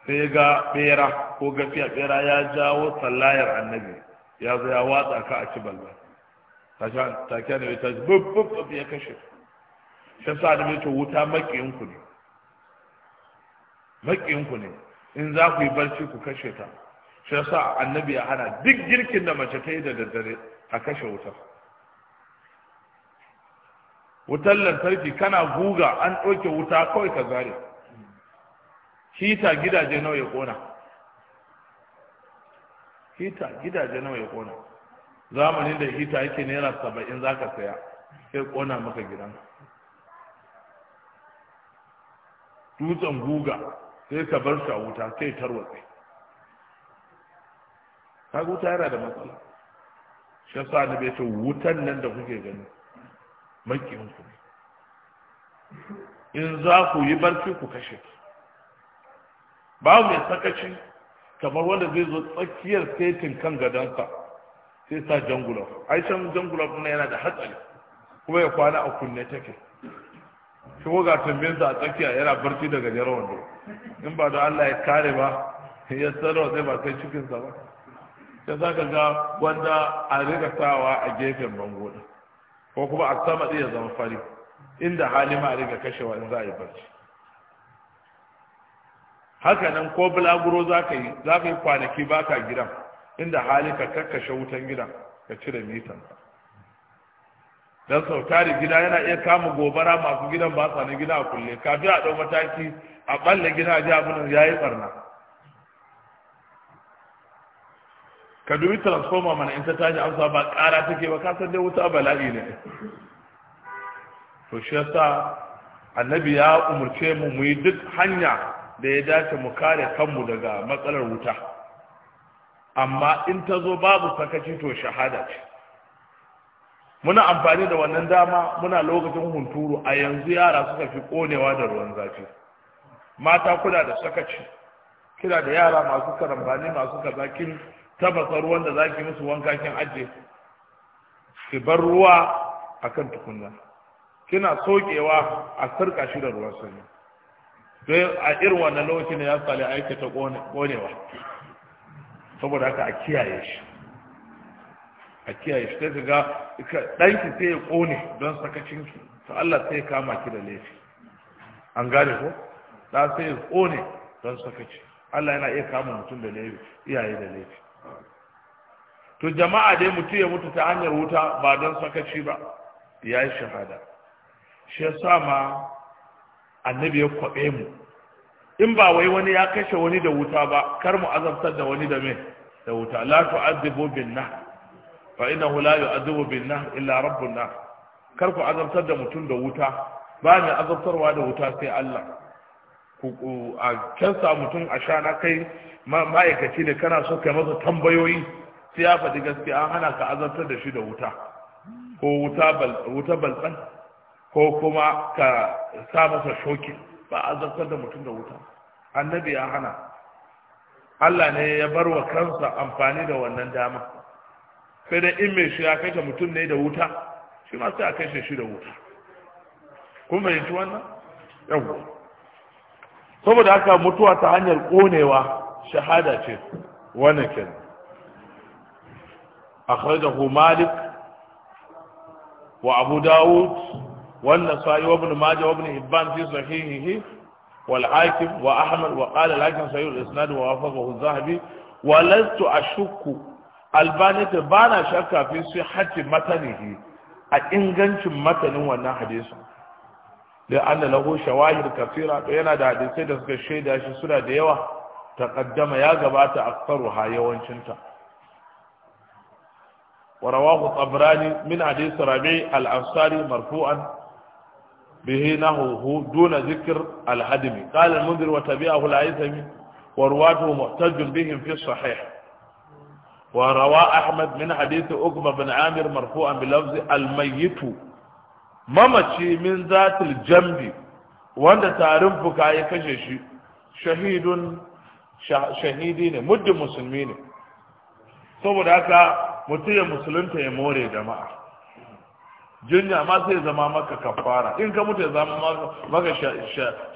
[SPEAKER 1] sai ga bera ko gafiya bera ya jawo sallayar annabi ya zo ya watsa ka a ci kaga take ne ta bub ya kashe shi sa da mai wuta makiyin ku ne makiyin ku ne in za ku yi barci ku kashe ta shi sa annabi ya hana duk girkin da mace ta yi da daddare a kashe wutar wutar lantarki kana guga an ɗauke wuta kawai ka zare hita gidaje nawa ya kona hita gidaje nawa ya kona zamanin da hita yake naira saba'in za ka saya sai kona maka gidan dutsen guga sai ka bar shi a wuta sai tarwatsi ka wuta yana da matsala shi sa ni bai ce wutan nan da kuke gani makiyin ku in za ku yi barci ku kashe babu mai sakaci kamar wanda zai zo tsakiyar setin kan gadonsa. sai sa jangula ai san jangula na yana da hatsari kuma ya kwana a kunne take kuma ga sa a tsakiya yana barci daga jera wando in ba da Allah ya kare ba ya sarrafa zai ba kai cikinsa ba ya za ga wanda a riga sawa a gefen bango ko kuma a sama ɗaya zama fari inda halima a riga kashewa in za a yi barci haka nan ko bulaguro za yi za ka yi kwanaki ba ka gidan inda hali ka kakkashe wutan gidan ka cire mitan don sau tari gida yana iya kama gobara masu gidan ba sa gida a kulle kafin a ɗau mataki a ɓalle gida a ji abin ya yi ɓarna ka dubi transformer mana in ta tashi amsa ba ƙara take ba ka san dai wuta bala'i ne to shi yasa annabi ya umurce mu mu yi duk hanya da ya dace mu kare kanmu daga matsalar wuta amma in ta zo babu sakaci to shahada ce muna amfani da wannan dama muna lokacin hunturu a yanzu yara suka fi konewa da ruwan zafi mata kuna da sakaci kina da yara masu karambani masu kaza kin tabasa ruwan da zaki musu wanka kin aje ki bar ruwa akan tukunna kina sokewa a sarka shi da ruwan sanyi sai a irin wannan lokacin ya sale aikata konewa saboda haka a kiyaye shi a kiyaye shi sai ga ɗanki sai ya ƙone don sakacinki to Allah sai ya kama ki da laifi an gane ko da sai ya ƙone don sakaci Allah yana iya kama mutum da laifi iyaye da laifi to jama'a dai mutum ya mutu ta hanyar wuta ba don sakaci ba ya yi shahada shi ya sa ma annabi ya kwaɓe mu in ba wai wani ya kashe wani da wuta ba kar mu azabtar da wani da me da wuta la tu'adhibu bin nah fa innahu la yu'adhibu bin nah illa rabbun nah kar ku azabtar da mutum da wuta ba mai azabtarwa da wuta sai Allah ku a kansa mutum a sha na kai ma'aikaci ne kana so kai masa tambayoyi sai ya faɗi gaskiya an hana ka azabtar da shi da wuta ko wuta baltsan ko kuma ka sa masa shokin ba a zartar da mutum da wuta annabi ya hana Allah ne ya bar wa kansa amfani da wannan dama sai da in mai shi ya kashe mutum ne da wuta shi ma sai a kashe shi da wuta kun fahimci wannan yau saboda haka mutuwa ta hanyar konewa shahada ce wannan akwai da malik wa abu dawud wannan sa'i wabin majah ibn hibban fi sahihihi wal hakim wa ahmad wa qala al hakim isnad wa wafaqahu az-zahabi wa lastu ashukku albani ta bana shakka fi sihhati matanihi a ingancin matanin wannan hadisi da an da lahu shawahid kafira to yana da hadisai da suka shaida shi suna da yawa taqaddama ya gabata aktaru ha yawancinta ورواه الطبراني من حديث ربيع الأنصاري مرفوعا به نحوه دون ذكر الهدم قال المنذر وتبعه العيثمي ورواته محتج بهم في الصحيح وروى أحمد من حديث أقبة بن عامر مرفوعا بلفظ الميت ممشي من ذات الجنب وأن تعرف كاي كششي شهيد shahidi ne muddin musulmi ne saboda haka mutum ya musulunta ya more jama'a جنة ما sai zama maka kafara in ka mutu ya zama maka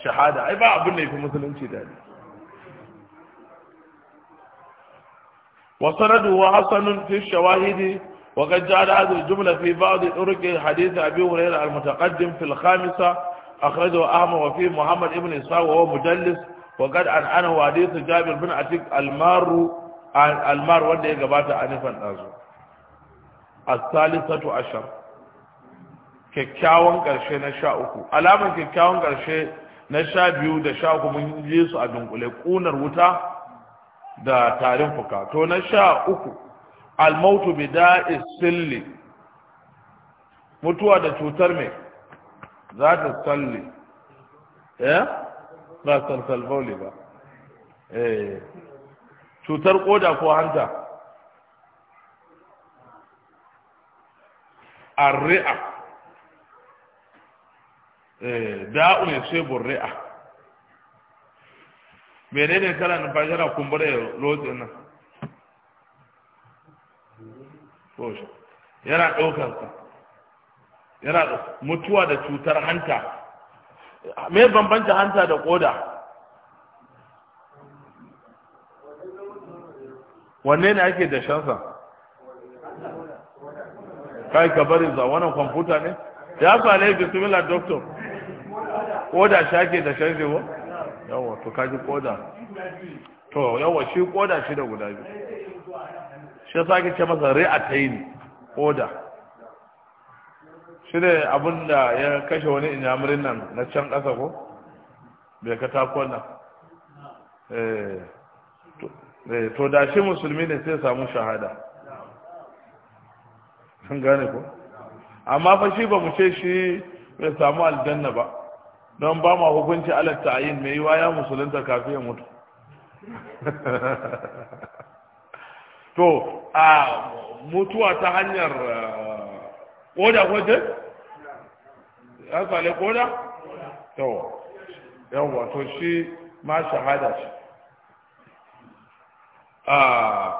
[SPEAKER 1] shahada ai ba abin da yafi musulunci dadi وسنده حسن في الشواهد وقد جعل هذه الجملة في بعض طرق حديث أبي هريرة المتقدم في الخامسة أخرجه أحمد وفيه محمد ابن إسحاق وهو مجلس وقد عن أنعنه حديث جابر بن عتيق المار المار وده قبات أنفا أزو الثالثة عشر kyakkyawan ƙarshe na sha uku alamar kyakkyawan ƙarshe na sha biyu da sha uku mun je su a dunkule ƙunar wuta da tarin fuka to na sha uku almautu bi da'is silli mutuwa da cutar mai za ta salli eh ba salsal bauli ba eh cutar koda ko hanta ar-ri'a Eh, da'un ya ce burri'a kala kana numfashi yana kumbura ya lotsin nan yana ɗaukar yana mutuwa da cutar hanta me bambanta hanta da koda wanne ne ake da shansa kai ka bari za wannan kwamfuta ne ya sa ne similar doctor koda shi ake da sharri ba yawa to kaji koda to yawa shi koda shi da guda biyu shi ya sake ce masa ta yi koda shi ne abin da ya kashe wani inyamurin nan na can ƙasa ko bai katakon nan eh, eh, to da shi musulmi ne sai samu shahada sun gane ko amma fa shi ba mu ce shi bai samu aljanna ba don ba ma hukunci alal ta'yin mai yiwa ya musulunta kafin ya mutu to a mutuwa ta hanyar koda kwace? ya tsale koda? yawa yawa to shi ma shahada shi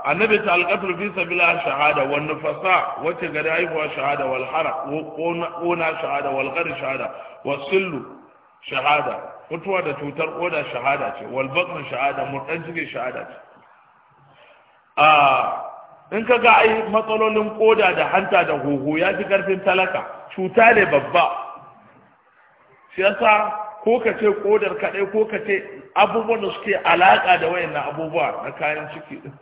[SPEAKER 1] annabi ta alƙatar fi sabila shahada wani fasa wacce gada haifuwa shahada walhara ko na shahada wal shahada wasillu shahada mutuwa da cutar oda shahada ce wal batn shahada murdan cikin shahada ce a in ka ga ai matsalolin koda da hanta da huhu ya fi karfin talaka cuta ne babba shi yasa ko ka ce kodar kaɗai ko ka ce abubuwan da suke alaƙa da wayannan abubuwa na kayan ciki din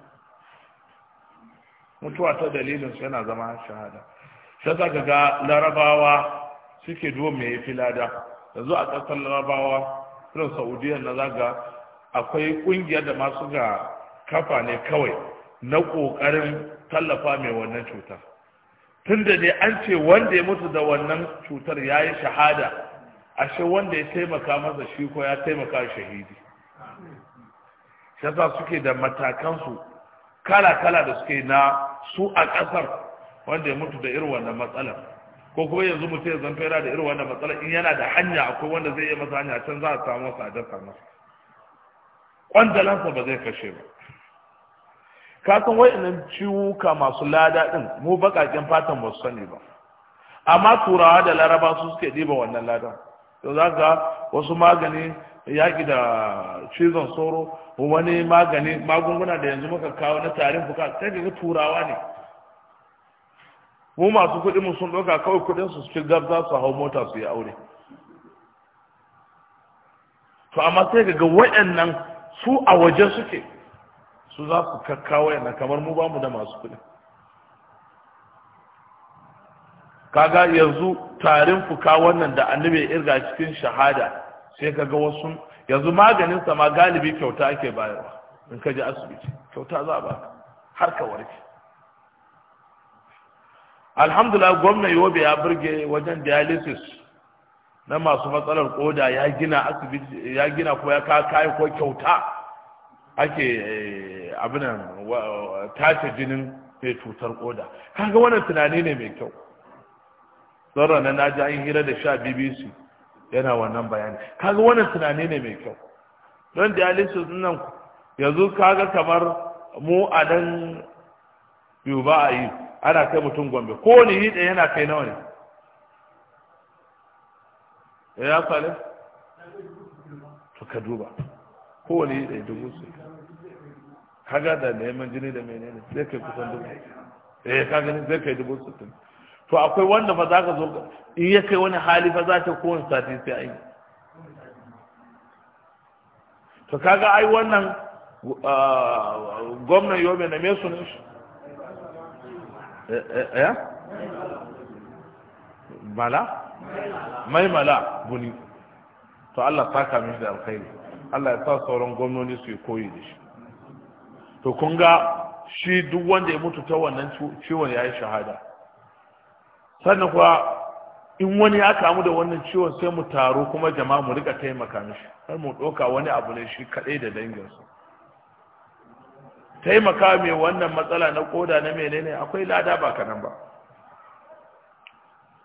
[SPEAKER 1] mutuwa ta dalilin su yana zama shahada shi yasa ka ga larabawa suke duwa mai fi lada yanzu a ƙasar larabawa irin saudiya na zaga akwai ƙungiyar da masu ga kafa ne kawai na ƙoƙarin tallafa mai wannan cutar tun da ne an ce wanda ya mutu da wannan cutar ya yi shahada ashe wanda ya taimaka masa shi ko ya taimaka shahidi shasa suke da matakansu kala-kala da suke na su a ƙasar wanda ya mutu da irin wannan matsalar ko kuma yanzu mutum ya zanto da irin wannan matsala in yana da hanya akwai wanda zai iya masa hanya can za a samu masa a jasa masa kwandalansa ba zai kashe ba kasan san wa'annan ciwuka masu lada ɗin mu bakaƙen fatan ba su sani ba amma turawa da laraba su suke ɗiba wannan ladan to za ga wasu magani yaƙi da cizon sauro wani magani magunguna da yanzu muka kawo na tarin fuka sai ga turawa ne mu masu kuɗi mu sun ɗauka kawai kuɗin su ci gab za su hau mota su yi aure to amma sai ga waɗannan su a waje suke su za su kakka waɗannan, kamar mu bamu da masu kuɗi kaga yanzu tarin fuka wannan da annabi ya irga cikin shahada sai kaga wasu yanzu maganin sa ma galibi kyauta ake bayarwa in ka je asibiti kyauta za a baka har ka warke alhamdulillah gwamna yobe ya burge wajen dialysis na masu matsalar koda ya gina asibiti ya gina ko ya kayan ko kyauta ake eh, abinan tace jinin mai cutar koda kaga wannan tunani ne mai kyau tsara na naji an hira da sha bbc yana wannan bayani kaga wannan tunani ne mai kyau don dialysis nan yanzu kaga kamar mu a nan yuba ba a yi ana kai mutum gombe kowane yi ɗaya yana kai nawa ne eh, ya sale to ka duba kowane yi ɗaya dubu su kaga da neman jini da menene zai kai kusan dubu eh kaga ne zai kai dubu sittin to akwai wanda fa za ka zo in ya kai wani hali fa za ta kowane sati sai an yi to kaga ai wannan ah, gwamnan yobe na me ne shi
[SPEAKER 2] ya? Eh, eh, eh?
[SPEAKER 1] mala mala, guni to Allah saka shi da alkhairi Allah ya sa sauran gwamnoni su yi koyi da shi to kun ga shi duk wanda ya mutu ta wannan ciwon ya yi shahada sannan kuwa in wani ya kamu da wannan ciwon sai mu taru kuma jama'a mu rika taimaka mishi har mu ɗauka wani abu ne shi kaɗai da danginsu taimaka mai wannan matsala na koda na menene akwai lada ba kanan ba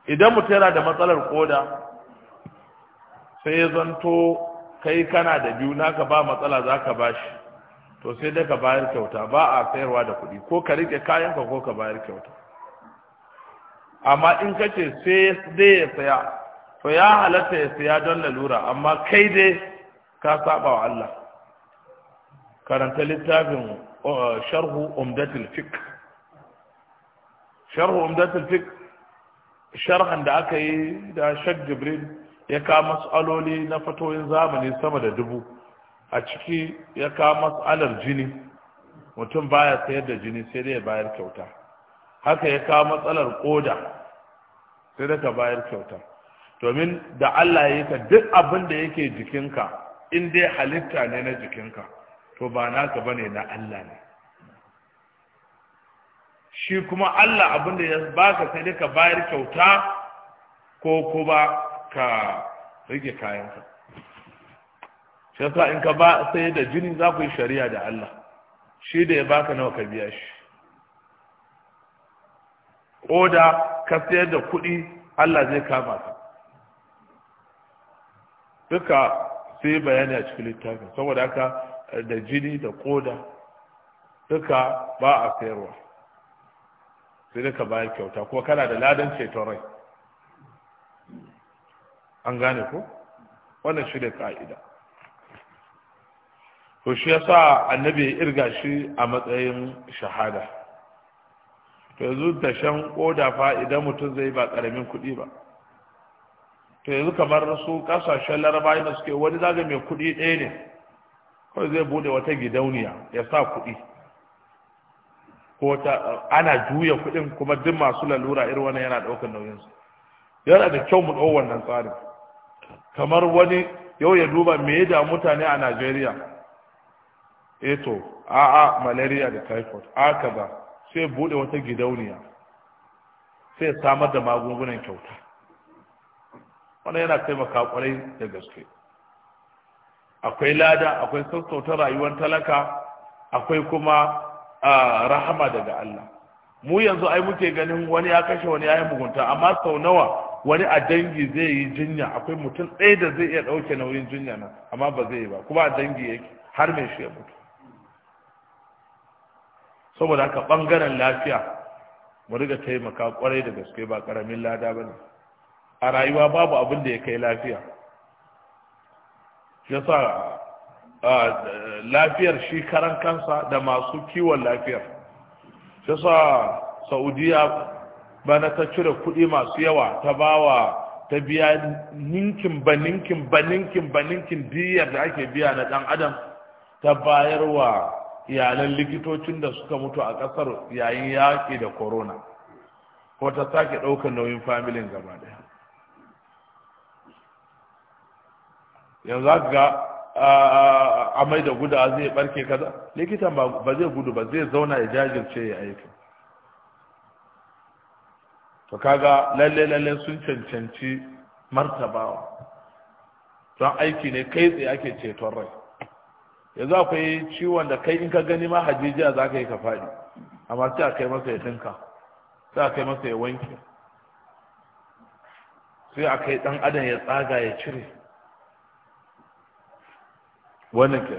[SPEAKER 1] idan mutum yana da matsalar koda sai ya zanto kai kana da biyu ka ba matsala za ka ba shi to sai da ka bayar kyauta ba a sayarwa da kuɗi ko ka rike kayanka ko ka bayar kyauta amma in ka ce sai dai ya saya to ya halatta ya saya don lalura amma kai dai ka saba wa Allah karanta littafin sharhu umdatul fiqh sharhan da aka yi da Sheikh Jibril ya ka mas'aloli na fatoyin zamani sama da dubu a ciki ya jini mutum baya sayar da jini sai dai bayar kyauta haka ya ka matsalar koda sai da ka bayar kyauta domin da Allah ya ka duk abin da yake jikinka in dai halitta ne na jikinka to ba naka bane na Allah ne shi kuma Allah abin ya baka sai ka bayar kyauta ko kuma ka rike kayanka shi in ka ba sai da jini za ku yi shari'a da Allah shi da ya baka nawa ka biya shi koda ka sayar da kuɗi Allah zai kama ka duka sai bayani a cikin littafin saboda haka da jini da koda duka ba a sayarwa sai duka bayan kyauta kuma kana da ladan ceton rai an gane ku. wannan shi da ka'ida to shi sa annabi ya irga shi a matsayin shahada to yanzu dashen koda fa idan mutum zai ba karamin kuɗi ba to yanzu kamar su kasashen Laraba, da suke wani zagaye mai kuɗi ɗaya ne kawai zai bude wata gidauniya ya sa kuɗi ko ta ana juya kuɗin kuma duk masu lalura irin wannan yana ɗaukar su yana da kyau mu ɗau wannan tsarin kamar wani yau ya duba me da mutane a Najeriya eto eh a'a malaria da typhoid a kaza sai bude wata gidauniya sai samar da magungunan kyauta wannan yana taimaka kwarai da gaske akwai lada akwai sassauta rayuwar talaka akwai kuma rahama daga Allah mu yanzu ai muke ganin wani ya kashe wani ya yi mugunta amma sau nawa wani a dangi zai yi jinya akwai mutum ɗaya da zai iya ɗauke nauyin jinya nan amma ba zai yi ba kuma a dangi yake har mai shi ya mutu saboda haka ɓangaren lafiya mu riga taimaka kwarai da gaske ba ƙaramin lada ba ne a rayuwa babu abin da ya kai lafiya ya sa lafiyar shi karan kansa da masu kiwon lafiyar ya sa saudiya bana ta cire kuɗi masu yawa ta bawa ta biya ninkin ba ninkin ba ninkin ba ninkin diyar da ake biya na ɗan adam ta bayar wa iyalan likitocin da suka mutu a ƙasar yayin yaƙi da corona ko ta sake ɗaukar nauyin familin gaba ɗaya yanzu za ga amai da guda zai barke kaza likitan ba zai gudu ba zai zauna ya jajirce ya aiki to kaga lalle lalle sun cancanci martabawa don aiki ne kai tsaye ake ceton rai yanzu akwai ciwon da kai in ka gani ma hajijiya za ka yi ka faɗi amma sai a kai masa ya tinka sai a kai masa ya wanke sai a kai ɗan adam ya tsaga ya cire wani ke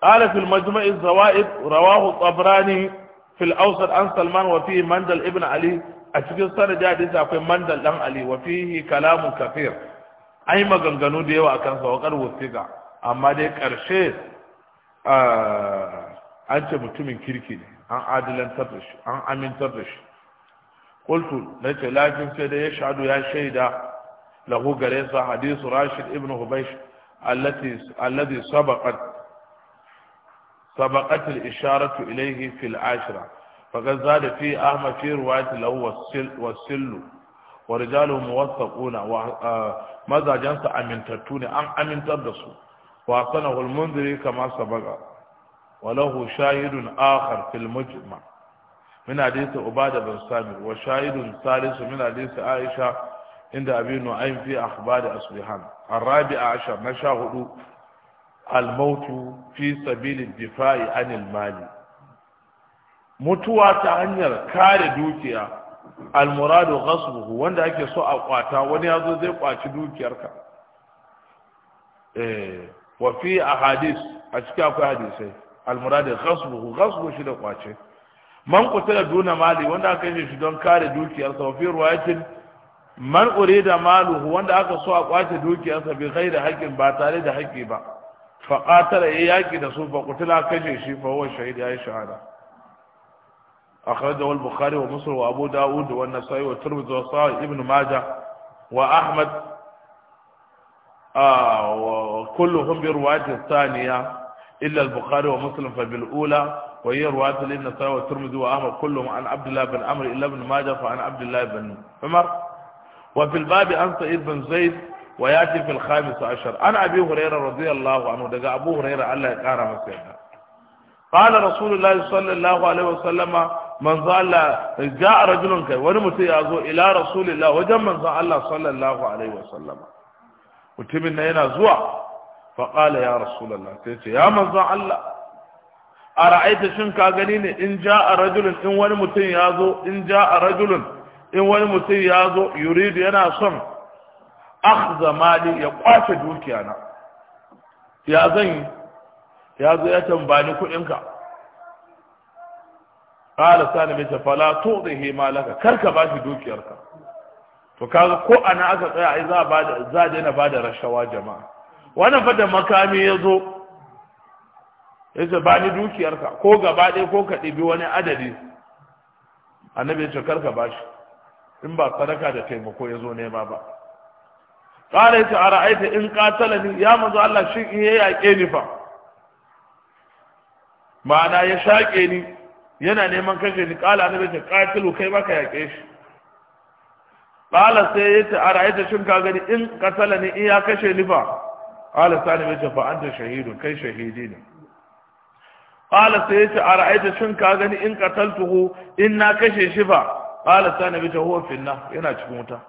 [SPEAKER 1] ƙarafin majami'in zawa'id rawahu tsabrani fil ausar an salman wafi mandal ibn ali a cikin sanadi da disa akwai mandal dan ali wafi kalamun kafir an yi maganganu da yawa a kan sawakar wasiga amma dai ƙarshe an ce mutumin kirki ne an an amintar da shi kultu na ce lafin sai da ya shaɗu ya shaida له قريصة حديث راشد ابن هبيش التي الذي سبقت سبقت الإشارة إليه في العاشرة فقد زاد في أحمد في رواية له والسل, ورجاله موثقون وماذا آه، جنس تتوني أم تدسو وأصنه المنذري كما سبق وله شاهد آخر في المجمع
[SPEAKER 2] من حديث عبادة بن سامر وشاهد ثالث من حديث عائشة inda abi nu'aym fi akhbar asbihan arabi ashar na sha hudu
[SPEAKER 1] al-mautu fi sabil ad-difa'i anil mali mutuwa ta hanyar kare dukiya almuradu ghasbuhu wanda ake so a kwata wani ya zo zai kwaci dukiyarka eh wa fi ahadith a cikin akwai hadisai almuradu ghasbuhu ghasbu shi da kwace man qutila duna mali wanda aka yi shi don kare dukiyarsa wa fi ruwayatin man urida maluhu wanda aka so a kwace dukiyarsa bi ghairi haƙƙin ba tare da haƙƙi ba fa qatala ya yaki da su fa qutila kashe shi fa huwa shahid ya shahada akhrajahu al-bukhari wa muslim wa abu daud wa an-nasa'i wa tirmidhi wa sahih ibn majah wa ahmad wa kulluhum bi riwayati ath-thaniya illa al-bukhari wa muslim fa bil ula wa hiya riwayat al-nasa'i wa tirmidhi wa ahmad kulluhum an abdullah bin amr illa ibn majah fa an abdullah bin umar وفي الباب عن ابن بن زيد وياتي في الخامس عشر عن ابي هريره رضي الله عنه دقاء ابو هريره على كان مسيدا قال رسول الله صلى الله عليه وسلم من ظل جاء رجل كي ونمتي متي الى رسول الله وجم من ظل الله صلى الله عليه وسلم وتمنى هنا زوا فقال يا رسول الله sai يا من ظل أرأيت a ra'aita إن جاء رجل ne in ja a إن جاء رجل in wani mutum ya zo yuridu yana son akhza mali ya kwace dukiya na ya zan ya zo ya tambani kuɗinka ƙala sani mai tafala to da malaka karka ba shi dukiyarka to kaga ko ana aka tsaya ai za ba za daina ba da rashawa jama'a wannan fa makami ya zo ya ce ba ni dukiyarka ko gaba ɗaya ko ka ɗibi wani adadi annabi ya ce karka ba shi in ba sadaka da taimako ya zo nema ba qala ta ra'aita in ni, ya manzo Allah shi in ya yake ni fa ma'ana ya shaƙe ni yana neman kashe ni qala annabi ta ƙatilu kai ka yake shi ƙala sai ya ta ra'aita shin ka gani in ni, in ya kashe ni fa qala sani bai ta fa anta shahidun kai shahidi ne ƙala sai ya ta ra'aita shin ka gani in qataltuhu in na kashe shi fa qala sanabi ta huwa finna yana cikin wuta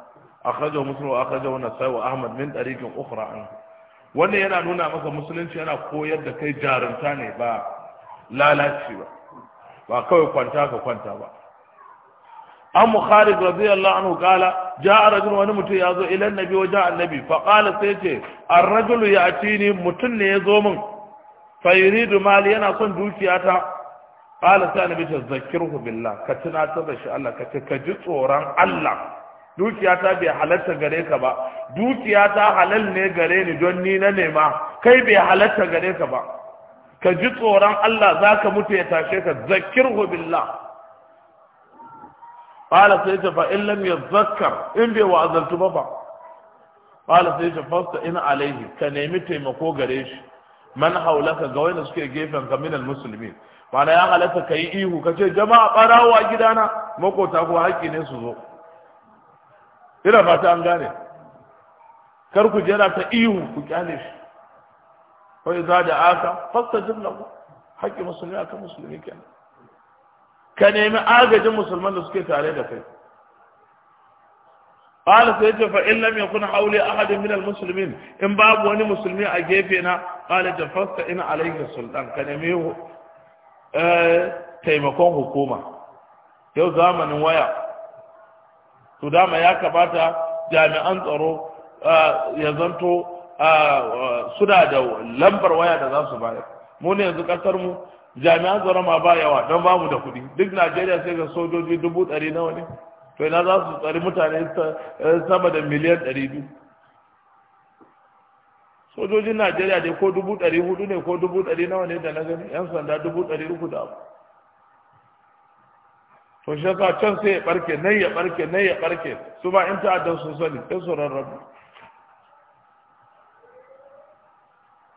[SPEAKER 1] akhrajahu muslim wa akhrajahu nasai wa ahmad min tariqin ukhra wannan yana nuna maka musulunci yana koyar da kai jarunta ne ba lalaci ba ba kawai kwanta ka kwanta ba an mukhalid radiyallahu anhu qala jaa rajul wani mutum ya zo ila nabi wa jaa annabi fa qala sai ce ar-rajulu ya'tini mutum ne ya zo min fa yuridu mali yana son dukiya ta. qala ta annabi ta zakirhu billah ka tunatar da shi Allah ka ji tsoron Allah dukiya ta bai halatta gare ka ba dukiya ta halal ne gare ni don ni na nema kai bai halatta gare ka ba ka ji tsoron Allah za ka mutu ya tashe ka zakirhu billah qala sai ta fa in lam yazakkar in bai wa'azantu ba fasta in alaihi ka nemi taimako gare shi man ga wanda suke gefen ka minal mana ya halatta ka yi ihu ka ce jama'a ɓarawo a gidana makota kuwa haƙƙi ne su zo ina fata an gane kar ku jira ta ihu ku kyale shi wa za da aka fastajib lahu haƙƙi musulmi a kan musulmi kenan ka nemi agajin musulman da suke tare da kai قال سيدي فإن لم يكن حولي أحد من المسلمين إن باب وني مسلمي أجيبنا قال جفظت إن عليك السلطان كان يميه Eh, taimakon hukuma yau zamanin waya to dama ya kamata jami'an tsaro eh, ya zanto eh, suna da lambar waya da za su bayar mu ne yanzu kasar mu jami'an tsaro ma ba yawa don ba mu da kudi duk najeriya sai ga sojoji dubu ɗari nawa ne to ina za su tsari mutane sama da miliyan ɗari biyu sojojin najeriya dai ko dubu ɗari hudu ne ko dubu ɗari nawa ne da na gani yan sanda dubu ɗari uku da abu to shi yasa can sai ya ɓarke nai ya ɓarke, nai ya ɓarke? su ba in ta'addan sun sani sai su rarrabu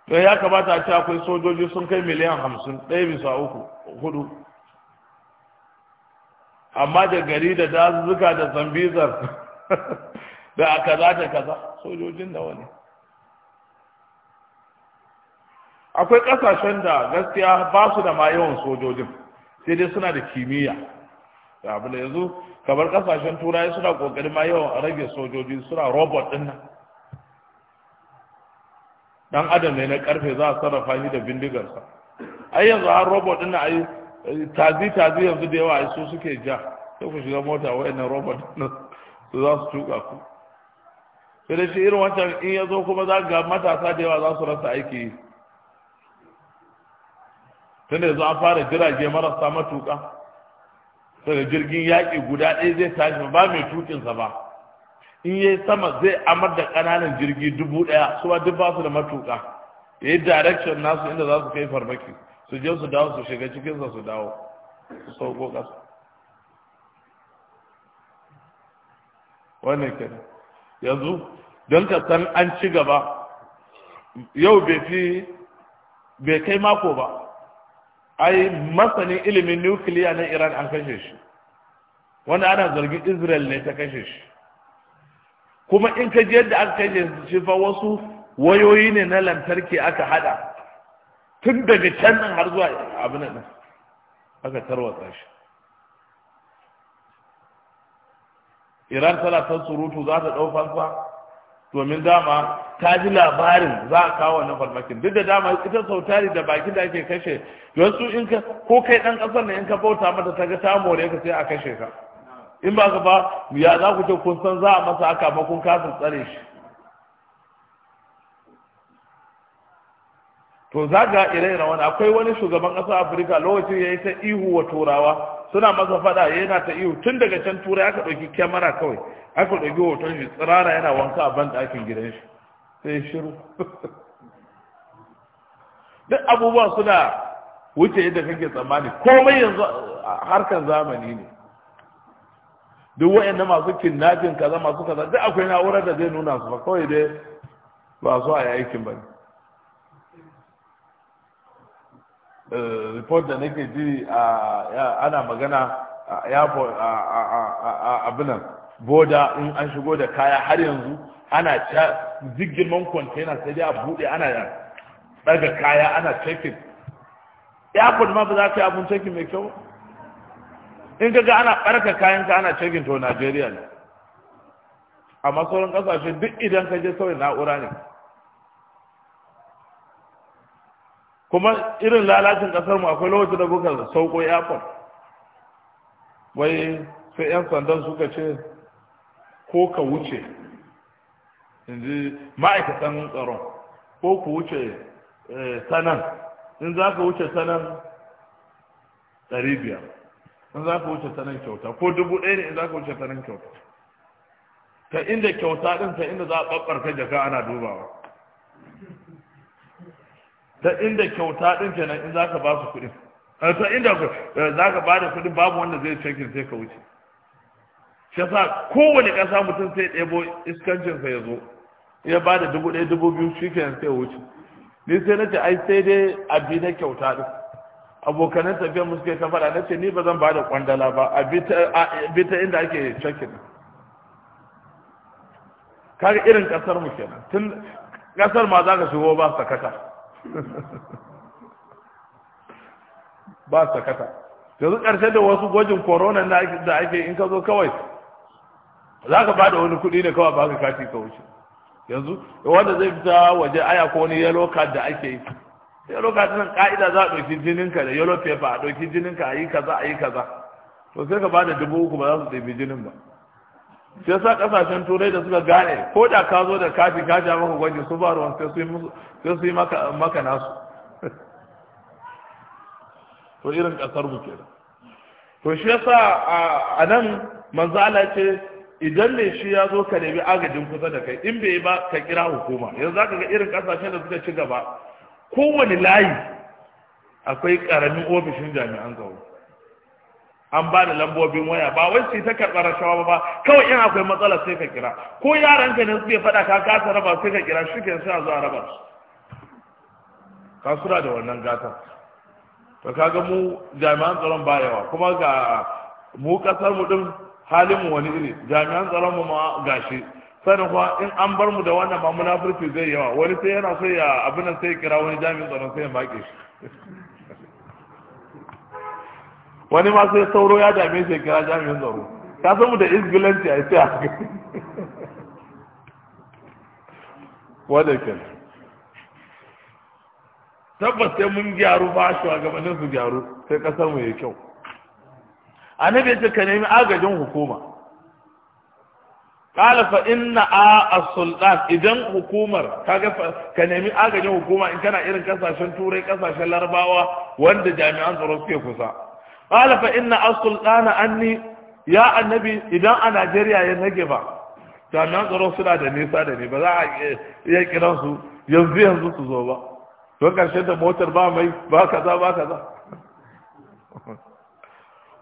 [SPEAKER 1] to ya kamata a ce akwai sojoji sun kai miliyan hamsin ɗaya bisa uku hudu amma da gari da dazuka da zambizar da kaza da kaza sojojin nawa ne akwai kasashen da gaskiya ba su da ma yawan sojojin sai dai suna da kimiyya da abu da yanzu kamar kasashen turai suna kokari ma yawan rage sojoji suna robot din nan dan adam ne na karfe za a sarrafa shi da bindigarsa ai yanzu har robot din nan ai tazi tazi yanzu da yawa ai su suke ja sai ku shiga mota wayannan robot din su za su tuka ku sai dai shi irin wancan in ya zo kuma za ga matasa da yawa za su rasa aiki tunda yanzu an fara jirage marasa matuka daga jirgin yaƙi guda ɗaya zai tashi ba mai tukinsa ba in yi sama zai amar da ƙananan jirgi dubu ɗaya su ba duk ba su da matuka yi direction nasu inda za su kai farmaki su je su dawo su shiga cikinsa su dawo su sauko ƙasa wannan kenan yanzu don ka san an ci gaba yau bai fi bai kai mako ba ai masanin ilimin nukiliya na iran an kashe shi wanda ana zargin israel ne ta kashe shi kuma in ka ji yadda aka kashe shi fa wasu wayoyi ne na lantarki aka hada tun daga can nan har zuwa abin nan aka tarwatsa shi iran tana son surutu za ta ɗau fansa domin dama ta ji labarin za a kawo wannan farmakin duk da dama ita sautari da baki da ake kashe don su in ka ko kai dan kasar ne in ka bauta mata ta ga ta more ka sai a kashe ka in ba ka ba ya za ku ce kun san za a masa haka ba kun kafin tsare shi to za ga ire-iren wani akwai wani shugaban ƙasar afirka lokacin ya yi ta ihu wa turawa suna masa faɗa yana ta ihu tun daga can turai aka ɗauki kyamara kawai aka ɗauki hoton shi tsirara yana wanka a ban ɗakin gidan shi sai shiru duk abubuwa suna wuce yadda kake tsammani komai yanzu harkar zamani ne duk wayanda masu kinnafin kaza masu kaza duk akwai na'urar da zai nuna su ba kawai dai ba su a yi aikin ba Eh, report da nake ji ana magana a abin nan. boda in an shigo da kaya har yanzu ana girman container sai dai a bude ana daga kaya ana checking airport ma ba za ka yi abun checking mai kyau in ka ga ana barka kayan ka ana checking to Najeriya ne amma sauran kasashe duk idan ka je sauyin na'ura ne kuma irin lalacin kasar mu akwai lokacin da kuka sauko airport wai sai yan sandan suka ce ko ka wuce inji ma'aikatan tsaron ko ku wuce eh, sanan in za ka wuce sanan ɗari biyar in za ka wuce sanan kyauta ko dubu ɗaya ne in za ka wuce sanan kyauta Ka inda kyauta ɗin ka inda za a ɓaɓɓarka jaka ana dubawa ta inda kyauta din kenan in zaka ba su kuɗin eh, ta inda eh, zaka ba da kuɗin babu wanda zai cikin sai ka wuce shi yasa kowane ƙasa mutum sai ɗebo sa ya zo ya ba da dubu ɗaya dubu biyu shi kenan sai ya wuce ni sai na ce ai sai dai abi na kyauta din abokanan tafiyar mu suke ta faɗa na ce ni ba zan ba da kwandala ba a bi ta inda ake cikin kaga irin kasar mu kenan tun kasar ma za ka shigo ba sakata ba sakata yanzu ƙarshe da wasu gwajin corona da ake in ka zo kawai za ka ba da wani kuɗi ne kawai ba ka kati ka wuce yanzu wanda zai fita waje aya ko wani yellow card da ake yi yellow card nan ka'ida za a ɗauki jininka da yellow paper a ɗauki jininka a yi kaza a yi kaza to sai ka ba da dubu uku ba za su ɗebi jinin ba sai sa kasashen turai da suka gane ko da ka zo da kafi ka ja maka gwaji su ba ruwan sai su yi maka nasu to irin kasar mu ke to shi yasa a nan manzala ce idan mai shi ya zo ka nemi agajin kusa da kai in bai ba ka kira hukuma yanzu za ka ga irin kasashen da suka ci gaba kowane layi akwai karamin ofishin jami'an tsaro an ba da lambobin waya ba wai sai ta karɓa rashawa ba kawai in akwai matsala sai ka kira ko yaran ka ne suke faɗa ka kasa raba sai ka kira shi ke sai a zo a raba su kasura da wannan gata to kaga mu jami'an tsaron ba yawa kuma ga mu kasar mu din halin mu wani iri jami'an tsaron mu ma gashi sanin kuma in an bar mu da wannan ma munafurci zai yawa wani sai yana so ya abin nan sai kira wani jami'in tsaron sai ya make shi wani ma sai sauro ya dame shi kira jami'in tsaro ka san mu da isgilanci a sai a wadda ke tabbas sai mun gyaru ba gabanin su gyaru sai kasar mu ya kyau a na bai ka nemi agajin hukuma Kala fa inna a السلطان idan hukumar kaga ka nemi agajin hukuma in kana irin kasashen turai kasashen larabawa wanda jami'an tsaro suke kusa ƙala fa inna as-sultana anni ya annabi idan a Najeriya ya nage ba jami'an tsaro suna da nisa da ni ba za a iya kiran yanzu yanzu su zo ba don karshe da motar ba mai ba kaza ba kaza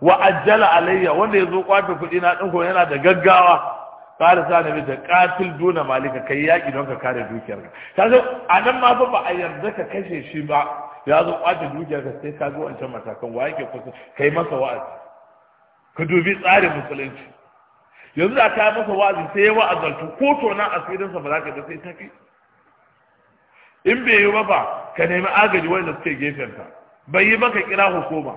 [SPEAKER 1] wa ajjala alayya wanda ya zo kwata kudi na dinko yana da gaggawa kare sa nabi da qatil duna malika kai yaki don ka kare dukiyarka kaga anan ma fa ba a yarda ka kashe shi ba ya zo kwace dukiyar sai ka zo wancan matakan wa yake kusa kai masa wa'azi ka dubi tsarin musulunci yanzu da ka masa wa'azi sai ya wa'azantu ko to na asirinsa ba za ka ga sai tafi in bai yi ba ba ka nemi agaji wanda suke gefenka bai yi maka kira hukuma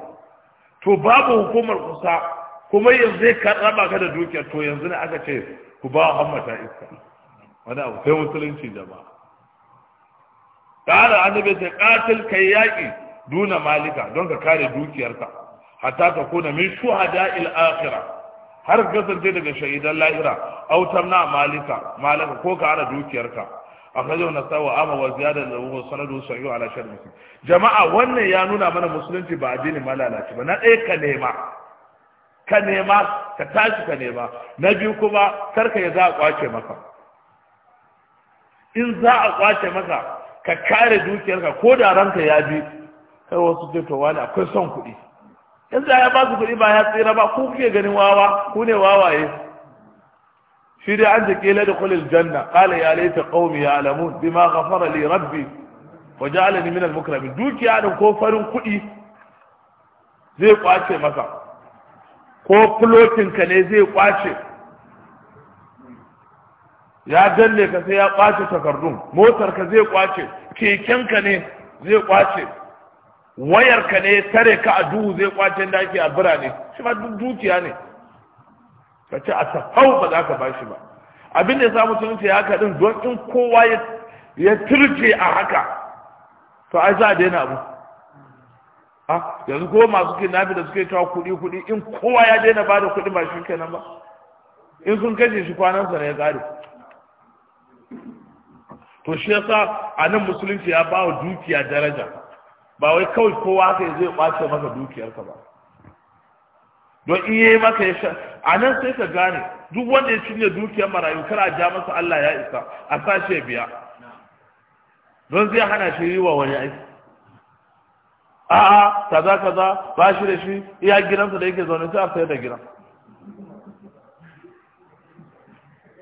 [SPEAKER 1] to babu hukumar kusa kuma yanzu zai raba ka da dukiyar to yanzu ne aka ce ku ba hammata iska wani abu sai musulunci jama'a kala annabi ta qatil kai yaki nuna malika don ka kare dukiyarka hatta ka kuna min shuhada'il akhirah har kasance daga shahidan lahira aw na malika malaka ko ka ara dukiyarka zauna nasawi amma wa da lahu sanadu sahih ala sharhi jama'a wannan ya nuna mana musulunci ba addini lalace ba na ɗaya ka nema ka nema ka tashi ka nema na biyu kuma karka ya za a kwace maka in za a kwace maka ka kare dukiyarka ko da ranka ya bi kai wasu ce to wani akwai son kuɗi yanzu ya ba su kuɗi ba ya tsira ba ku kuke ganin wawa ku ne wawaye shi dai an jike kila da kulil janna qala ya laita qaumi alamu bima ghafara li rabbi wa ja'alani min al-mukramin dukiya da ko farin kuɗi zai kwace masa ko plotin ka ne zai kwace ya danne ka sai ya kwace takardun motar ka zai kwace keken ka ne zai kwace wayar ka ne tare ka a duhu zai kwace da ake a birane shi ma duk dukiya ne ka ce a tafau ba za ka bashi ba abin da ya samu sun ce haka din don in kowa ya turce a haka to ai za a daina abu a ah, yanzu ko masu nafi da suke ta kuɗi kuɗi in kowa ya daina ba da kuɗi ba shi kenan ba in sun kashe shi kwanansa na ne ya kare to shi yasa a nan musulunci ya ba wa dukiya daraja ba wai kawai kowa haka zai ɓace maka dukiyarka ba don in yi maka ya a nan sai ka gane duk wanda ya cinye dukiyar marayu kar a ja masa Allah ya isa a sashe biya don zai hana shi yi wa wani aiki a'a kaza kaza ba shi da shi iya gidansa da yake zaune sai a sayar da gidan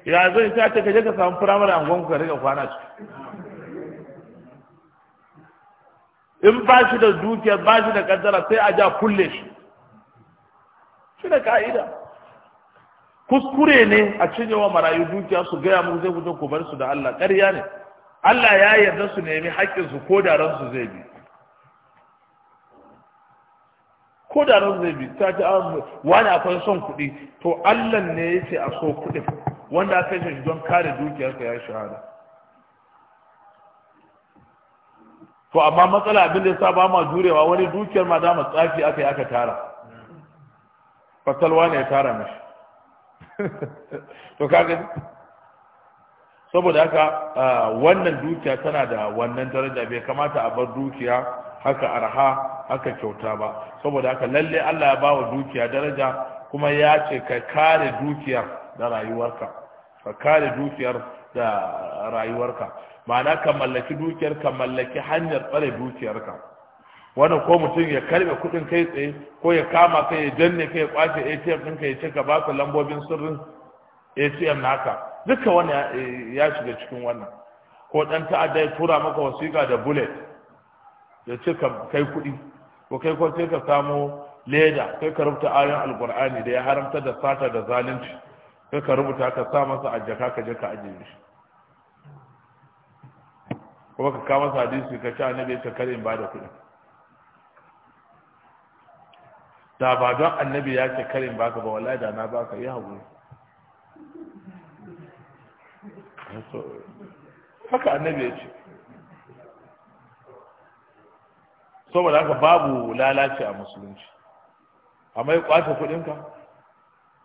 [SPEAKER 1] ya zai ta ce ka je ka samu firamare angon ka rika kwana ciki in ba shi da dukiya ba shi da kaddara sai a ja kulle shi shi da ka'ida kuskure ne a cinye wa marayu dukiya su gaya mu zai wuce ku bar su da Allah ƙarya ne Allah ya yarda su nemi haƙƙinsu ko da ransu zai bi ko da ransu zai bi ta ta ah, wani akwai son kuɗi to Allah ne ya ce a so kuɗin wanda aka yi shi don kare dukiyarsa ya shahada to amma matsala abin da ya sa ba ma jurewa wani dukiyar ma dama tsafi aka yi aka tara fatalwa ne ya tara mashi to kaga saboda haka wannan dukiya tana da wannan daraja bai kamata a bar dukiya haka arha haka kyauta ba saboda haka lalle Allah ya bawa dukiya daraja kuma ya ce ka kare dukiya da rayuwarka ka kare dukiyar da rayuwarka ma'ana ka mallaki dukiyar ka mallaki hanyar tsare dukiyarka wannan ko mutum ya karbe kuɗin kai tsaye ko ya kama kai ya danne kai ya kwace atm ɗinka ya ce ka ba su lambobin sirrin atm naka duka wannan ya shiga cikin wannan ko dan ta'adda ya tura maka wasiƙa da bullet ya ce ka kai kuɗi ko kai ko sai ka samo leda sai ka rubuta ayoyin alkur'ani da ya haramta da sata da zalunci ka ka rubuta ka sa masa a jaka ka je ka ajiye shi kuma ka kama masa hadisi ka ci annabi ya kare in bada kuɗi da ba don annabi ya ce kare in baka ba wallahi da na baka yi hagu haka annabi ya ce saboda haka babu lalace a musulunci amma ya kwace kuɗinka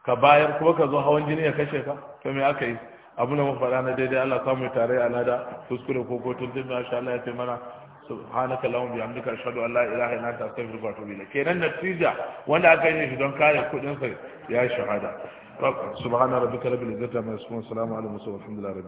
[SPEAKER 1] ka bayar kuma ka zo hawan jini ya kashe ka to me aka yi abu na mafaɗa na daidai Allah samu tare a lada, kuskure ko ko tun dinna insha Allah ya ce mana subhanaka lahum bi amdika ashhadu an la ilaha illa anta astaghfiruka wa atubu ilayk kenan natija wanda aka yi shi don kare kudin sa ya shahada subhana rabbika rabbil izzati amma yasifun salamu ala mursalin alhamdulillahi